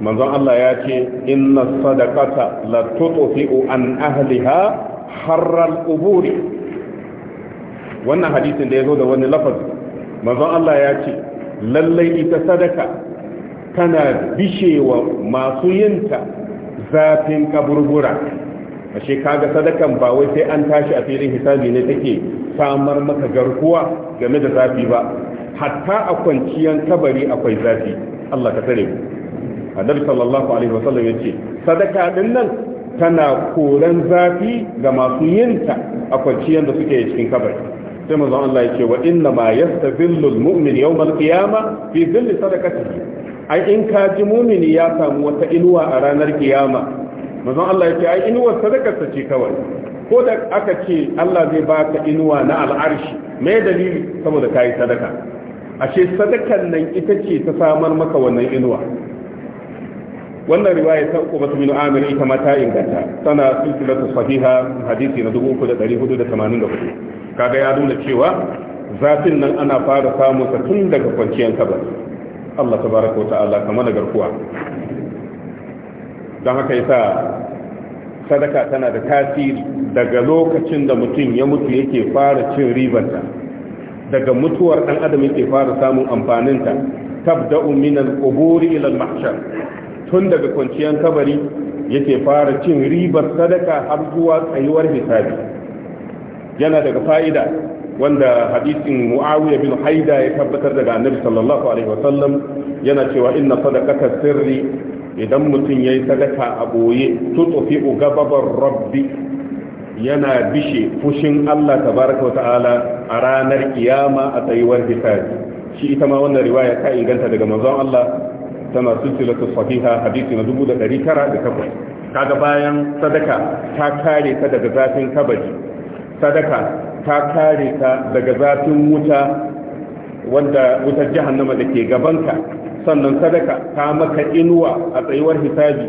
manzon Allah ya ce inna sadaqata la tutfi'u an ahliha harral uburi wannan hadisin da ya zo da wani lafazi manzon Allah ya ce lallai ita sadaka tana bishewa masu yinta zafin kaburbura ashe kaga sadakan ba wai sai an tashi a filin hisabi ne take samar maka garkuwa game da zafi ba hatta a kwanciyan kabari akwai zafi Allah ka tsare annabi sallallahu alaihi wasallam yace sadaka din nan tana koran zafi ga masu yinta a kwanciyan da suke cikin kabari sai manzo Allah yace wa inna ma yastazillu almu'min yawm alqiyama fi dhilli sadaqatihi ai in ka ji mumini ya samu wata inuwa a ranar kiyama manzon Allah yake ai inuwar sadakarsa ce kawai ko da aka ce Allah zai baka inuwa na al'arshi me dalili saboda yi sadaka ashe sadakan nan ita ce ta samar maka wannan inuwa wannan riwaya ta uku batu min amir ita ma ta inganta tana silsilatu sahiha hadisi na 3484 kaga ya nuna cewa zafin nan ana fara samun sa tun daga kwanciyar kabari Allah tabaraka wa ta'ala kamar da garkuwa don haka yasa sadaka tana da tasiri daga lokacin da mutum ya mutu yake fara cin ribarta daga mutuwar dan adam yake fara samun amfaninta tabda'u min al-qubur ila al tun daga kwanciyar kabari yake fara cin ribar sadaka har zuwa tsayuwar hisabi yana daga fa'ida wanda hadisin muawiya bin haida ya tabbatar daga annabi sallallahu alaihi wasallam yana cewa inna sadaqata sirri idan mutum ya yi sadaka a boye tutufi gababar rabbi yana bishe fushin Allah tabaraka wa ta'ala a ranar kiyama a tsayuwar hisabi shi ita ma wannan riwaya ta inganta daga manzon Allah tana silsilatu sahiha hadisi na 1908 kaga bayan sadaka ta kare ka daga zafin kabari sadaka ta kare ta daga zafin wuta wanda wutar jahannama da ke gabanka sannan sadaka ta maka inuwa a tsayuwar hisabi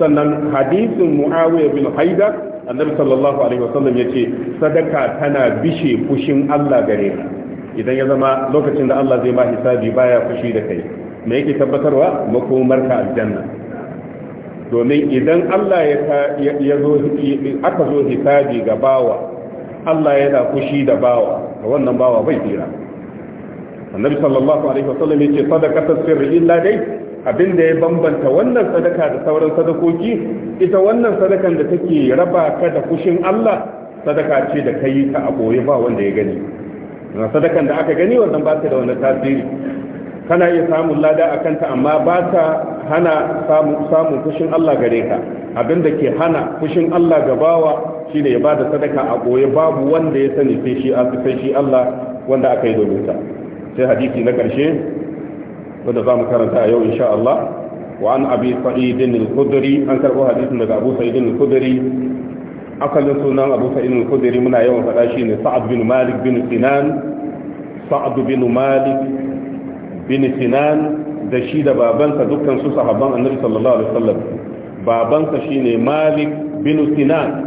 sannan hadisin muawiya bin haidar annabi sallallahu alaihi wasallam ce sadaka tana bishe fushin Allah gare ka idan ya zama lokacin da Allah zai ma hisabi baya fushi da kai me yake tabbatarwa makomar ka aljanna domin idan Allah ya zo aka zo hisabi ga bawa Allah yana fushi da bawa wannan bawa bai tsira annabi sallallahu alaihi wasallam yace sadaqatu sirri illa dai abin da ya bambanta wannan sadaka da sauran sadakoki ita wannan sadakan da take raba ka da kushin Allah sadaka ce da kai ta a boye ba wanda ya gani sadakan da aka gani wannan ba ta da wani tasiri kana iya samun lada a kanta amma ba ta hana samun fushin Allah gare ka abinda ke hana fushin Allah ga bawa shine ya bada sadaka a boye babu wanda ya sani sai shi Allah wanda aka yi domin sai hadisi na karshe wanda za mu karanta a yau insha Allah wa an abi sa'idin al-khudri an karbo hadisin daga abu sa'idin al-khudri akalin sunan abu sa'idin al-khudri muna yawan faɗa shi ne sa'ad bin malik bin sinan sa'ad bin malik bin sinan da shi da babansa dukkan su sahabban annabi sallallahu alaihi wasallam babansa shine malik bin sinan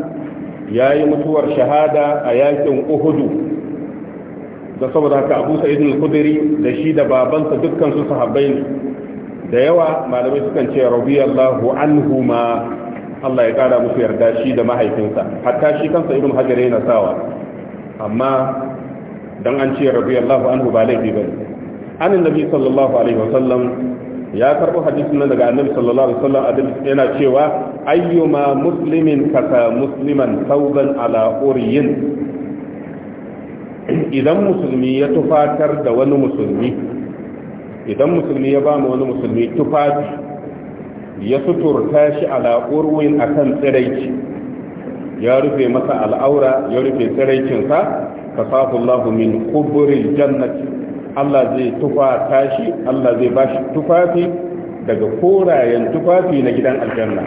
yayi mutuwar shahada a yakin uhudu da saboda haka abu sa'id al-khudri da shi da babansa dukkan su sahabbai ne da yawa malamai sukan ce radiyallahu anhu ma Allah ya kara musu yarda shi da mahaifinsa hatta shi kansa ibn hajar yana sawa amma dan an ce radiyallahu anhu ba laifi bane an annabi sallallahu alaihi wasallam ya karbo hadisin nan daga annabi sallallahu alaihi wasallam yana cewa ayyuma muslimin kasa musliman thawban ala uriyin idan musulmi ya tufatar da wani musulmi idan musulmi ya ba wani musulmi tufafi ya suturta shi la'urwin a kan tsiraici ya rufe masa al'aura ya rufe tsiraicinsa ka safullahu min kuburin jannati Allah zai tufata shi Allah zai ba shi tufafi daga korayen tufafi na gidan aljanna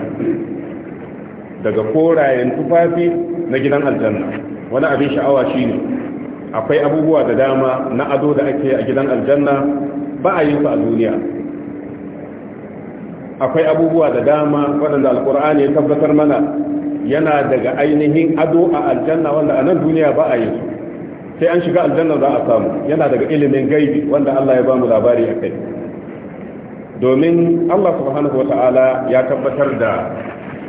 daga korayen tufafi na gidan aljanna wani abin sha'awa shine akwai abubuwa da dama na ado da ake a gidan aljanna ba a yi su a duniya akwai abubuwa da dama waɗanda alkur'ani ya tabbatar mana yana daga ainihin ado a aljanna wanda a nan duniya ba a yi su sai an shiga aljanna za a samu yana daga ilimin gaibi wanda Allah ya bamu labari a kai domin Allah subhanahu wa ta'ala ya tabbatar da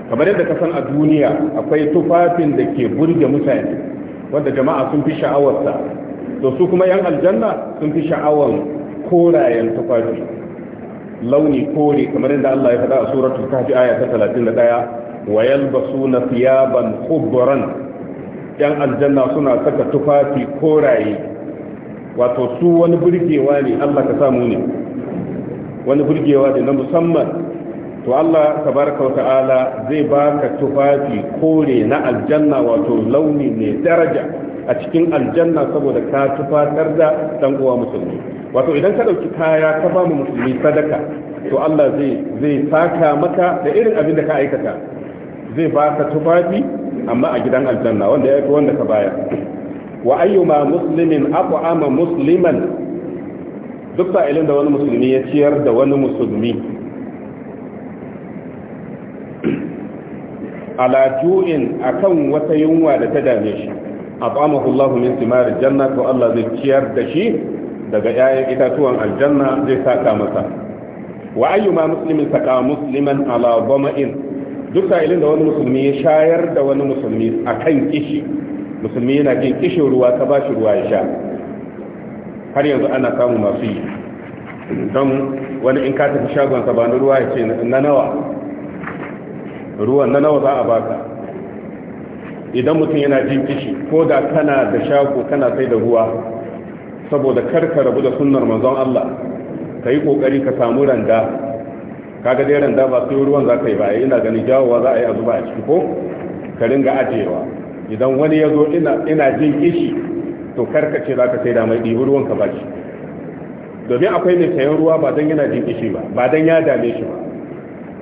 kamar yadda ka san a duniya akwai tufafin da ke burge mutane wanda jama'a sun fi sha'awarsa to su kuma yan aljanna sun fi sha'awar korayen tufafi launi kore kamar yadda Allah ya faɗa a suratul kahfi aya ta 31 wa yalbasuna thiyaban khubran yan aljanna suna saka tufafi koraye wato su wani burgewa ne Allah ka samu ne wani burgewa ne na musamman to Allah tabaraka ta'ala zai baka tufafi kore na aljanna wato launi mai daraja a cikin aljanna saboda ka tufatar da dan uwa musulmi wato idan ka dauki kaya ka ba mu musulmi sadaka to Allah zai zai saka maka da irin abin da ka aikata zai baka tufafi amma a gidan aljanna wanda ya wanda ka baya wa ayyuma muslimin aqama musliman duk sa'ilin da wani musulmi ya ciyar da wani musulmi ala ju'in akan wata yunwa da ta dame shi at'amahu Allahu min thimar janna ko Allah zai ciyar da shi daga 'ya'yan itatuwan aljanna zai saka masa wa ayyuma muslimin saka musliman ala dhama'in duk sa'ilin da wani musulmi ya shayar da wani musulmi akan kishi musulmi yana jin kishin ruwa ka bashi ruwa ya sha har yanzu ana samu masu yi don wani in ka tafi shagon sa ba ruwa ya ce na nawa ruwan na nawa za a baka idan mutum yana jin kishi ko da kana da shago kana sai da ruwa saboda kar ka rabu da sunnar manzon Allah ka yi kokari ka samu randa kaga dai randa ba sai ruwan za ka yi ba ina ganin jawowa za a yi a zuba a ciki ko ka ringa ajewa idan wani ya zo ina jin kishi to ce za ka sai da mai ɗibi ruwan ka shi domin akwai mai sayan ruwa ba don yana jin kishi ba ba don ya dame shi ba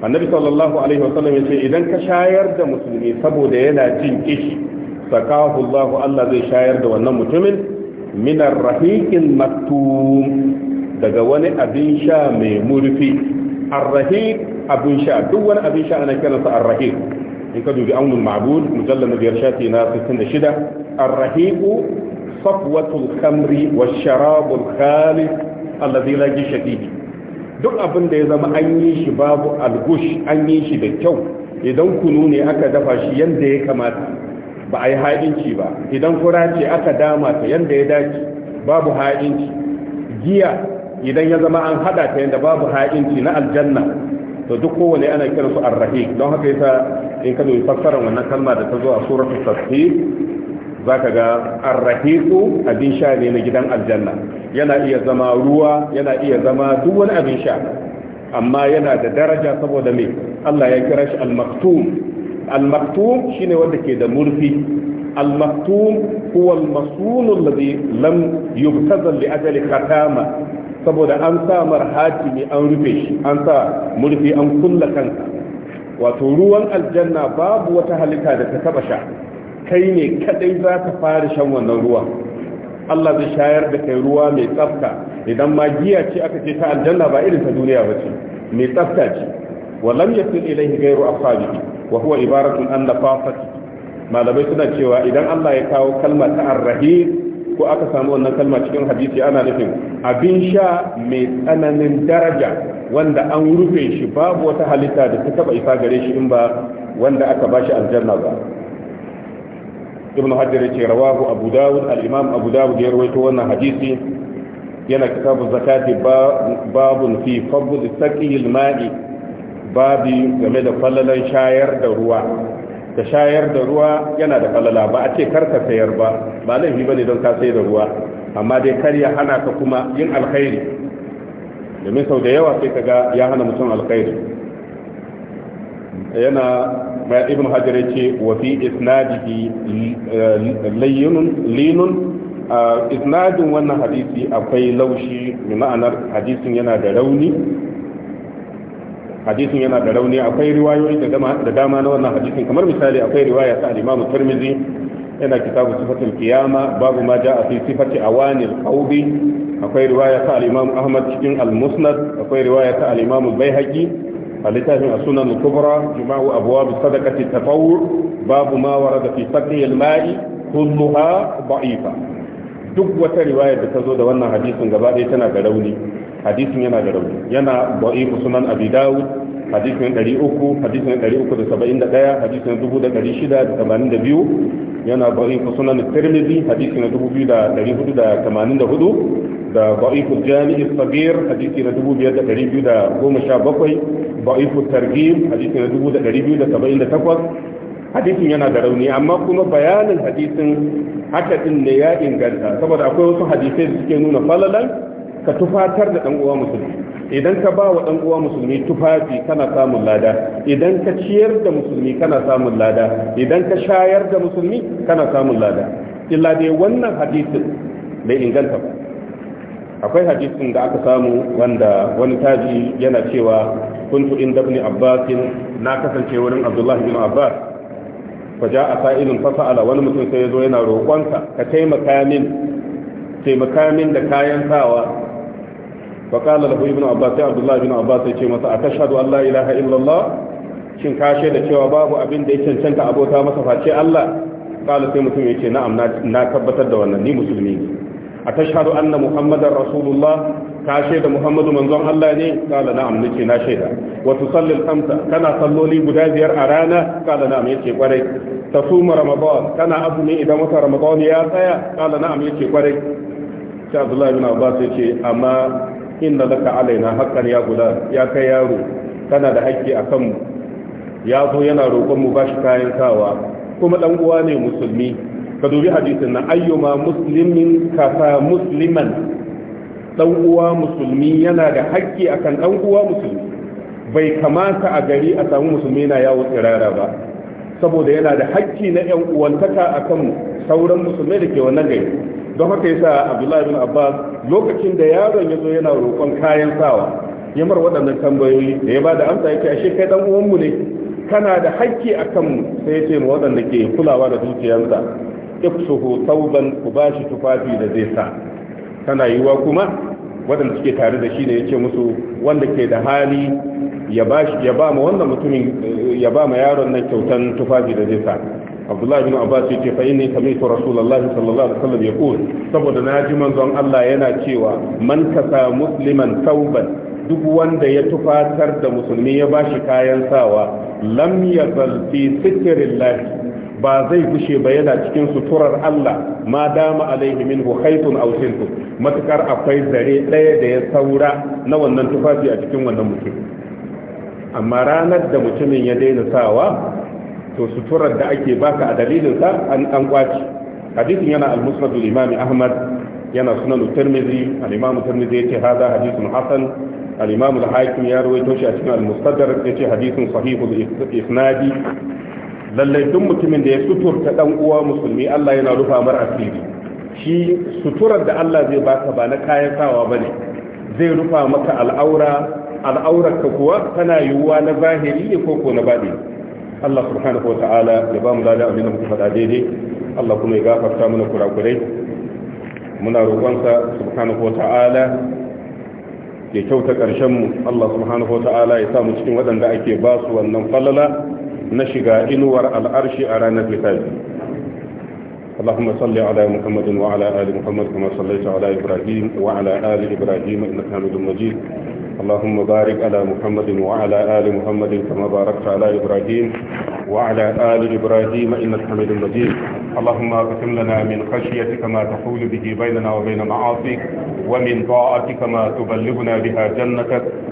annabi sallallahu alaihi wasallam ya ce idan ka shayar da musulmi saboda yana jin kishi sakahu Allah Allah zai shayar da wannan mutumin minar rahiqin maktum daga wani abin sha mai murfi arrahiq abin sha duk wani abin sha ana kiransa arrahiq in ka dubi aunul ma'bud mujallal na biyar shafi safwatul khamri wash sharabul khalis alladhi la gisha duk abin da ya zama an yi shi babu algush an yi shi da kyau idan kunu ne aka dafa shi yadda ya kamata ba a yi haɗinci ba idan kura ce aka dama ta yadda ya dace babu haɗinci giya idan ya zama an haɗa ta yadda babu ha'inci na aljanna to duk kowane ana su arrahi don haka yasa in ka zo fassarar wannan kalma da ta zo a suratul tasbih za ka ga arrahiku abin sha ne na gidan aljanna yana iya zama ruwa yana iya zama duk wani abin sha amma yana da daraja saboda me Allah ya kira shi al-maktum al-maktum shine wanda ke da murfi al-maktum huwa al-masun alladhi lam yubtazal li ajali katama saboda an sa marhatimi an rufe shi an sa murfi an kulla kansa wato ruwan aljanna babu wata halitta da ta taba sha kai ne kadai za ka fara shan wannan ruwa Allah zai shayar da kai ruwa mai tsafta idan ma giya ce aka ce ta aljanna ba irin ta duniya ba ce mai tsafta ce walam yasil ilaihi ghairu ashabihi wa huwa ibaratun an nafafati malamai suna cewa idan Allah ya kawo kalma ta arrahim ko aka samu wannan kalma cikin hadisi ana nufin abin sha mai tsananin daraja wanda an rufe shi babu wata halitta da ta taba isa gare shi in ba wanda aka bashi aljanna ba ibn hajar yace rawahu abu dawud al-imam abu dawud ya rawaito wannan hadisi yana kitabu zakati babun fi fadl saqil ma'i babi game da fallalan shayar da ruwa da shayar da ruwa yana da fallala ba a ce karka sayar ba ba laifi bane don ka sayar da ruwa amma dai kar ya hana ka kuma yin alkhairi domin sau da yawa sai kaga ya hana mutum alkhairi yana ma ibn hajar yace wa fi isnadihi layyinun linun wannan hadisi akwai laushi bi ma'anar yana da rauni akwai riwayoyi da dama na wannan hadisin kamar misali akwai riwaya ta al-Imam Tirmidhi kitabu sifatul qiyama babu maja jaa fi sifati awanil qawbi akwai riwaya ta al Ahmad cikin al akwai riwaya ta al a littafin a sunan kubra jima'u abuwa bi sadakati tafawur babu ma warada fi saqiyil ma'i kulluha da'ifa duk wata riwayar da ta zo da wannan hadisin gaba ɗaya tana da rauni hadisin yana da rauni yana da'ifu sunan abi hadisin 300 hadisin 371 hadisin 2682 yana ba'in ku sunan tirmidhi hadisin 2484 da ba'in ku jami'i sabir hadisin 2217 ba'in ku targhib hadisin 2278 hadisin yana da rauni amma kuma bayanin hadisin haka din ne ya inganta saboda akwai wasu hadisai da suke nuna falalan ka tufatar da dan uwa musulmi idan ka ba wa ɗan uwa musulmi tufafi kana samun lada idan ka ciyar da musulmi kana samun lada idan ka shayar da musulmi kana samun lada illa dai wannan hadisin bai inganta ba akwai hadisin da aka samu wanda wani taji yana cewa kuntu inda ibn abbas na kasance wurin abdullahi ibn abbas fa ja'a sa'ilun fa sa'ala wani mutum sai yazo yana roƙonka ka taimaka min taimaka min da kayan sawa fa qala lahu ibnu abbas ya abdullah ibn abbas yace masa akashhadu an la ilaha illallah shin ka shaida cewa babu abin da ya cancanta abota masa face Allah qala sai mutum yace na'am na tabbatar da wannan ni musulmi a atashhadu anna muhammadar rasulullah ka shaida muhammadu manzon Allah ne kala na'am nace na shaida wa tusalli al-khamsa kana salloli guda biyar a rana kala na'am yace kwarai tasuma ramadan kana azumi idan wata ramadan ya tsaya kala na'am yace kwarai sai amma inna laka alaina haqqan ya guda ya kai yaro kana da haƙƙi akan mu ya zo yana roƙon mu bashi kayan sawa kuma dan uwa ne musulmi ka dubi hadisin nan ayyuma muslimin kafa musliman dan uwa musulmi yana da haƙƙi akan dan uwa musulmi bai kamata a gari a samu musulmi na yawo tsirara ba saboda yana da haƙƙi na yan uwantaka akan sauran musulmai da ke wannan gari don haka yasa abdullahi bin abbas lokacin da yaron ya zo yana roƙon kayan sawa ya mar waɗannan tambayoyi da ya ba da amsa yake ashe kai dan uwanmu ne kana da hakki a kanmu sai ya ce ma waɗanda ke kulawa da dukiyarsa ifsuhu tauban ku ba shi tufafi da zai sa kana yiwuwa kuma waɗanda suke tare da shi ne ya ce musu wanda ke da hali ya ba ma wannan mutumin ya ba ma yaron nan kyautan tufafi da zai sa abdullahi bin ce سمعت رسول الله صلى الله sallallahu alaihi يقول yaqul saboda من manzon Allah yana cewa man kasa musliman tauban duk wanda ya tufatar da musulmi ya bashi kayan sawa lam yazal fi sitrillah ba zai bushe ba yana cikin suturar Allah ma dama alaihi min khaytun aw siltun matukar akwai zare ɗaya da ya saura na wannan tufafi a cikin wannan mutum amma ranar da mutumin ya daina sawa to suturar da ake baka a dalilin sa an an kwaci hadisin yana al-musnad al-imam ahmad yana sunan tirmidhi al-imam tirmidhi yace hada hadisun hasan al-imam al-hakim ya rawaito shi a cikin al-mustadrak yace hadisin sahih al-isnadi lallai duk mutumin da ya suturta dan uwa musulmi Allah yana rufa mar asiri shi suturar da Allah zai baka ba na kayan sawa bane zai rufa maka al'aura al'aurar ka kuwa tana yiwuwa na zahiri ne ko ko na baɗi Allah subhanahu wa ta'ala ya ba mu lada abinda muka faɗa daidai Allah kuma ya gafarta mana kurakurai muna roƙonsa subhanahu wa ta'ala ya kyauta ƙarshen mu Allah subhanahu wa ta'ala ya sa mu cikin waɗanda ake ba su wannan falala na shiga inuwar al'arshi a ranar hisabi اللهم صل على محمد وعلى آل محمد كما صليت على إبراهيم وعلى آل إبراهيم إنك حميد مجيد اللهم بارك على محمد وعلى آل محمد كما باركت على إبراهيم وعلى آل إبراهيم إنك حميد مجيد اللهم اقسم لنا من خشيتك ما تحول به بيننا وبين معاصيك ومن طاعتك ما تبلغنا بها جنتك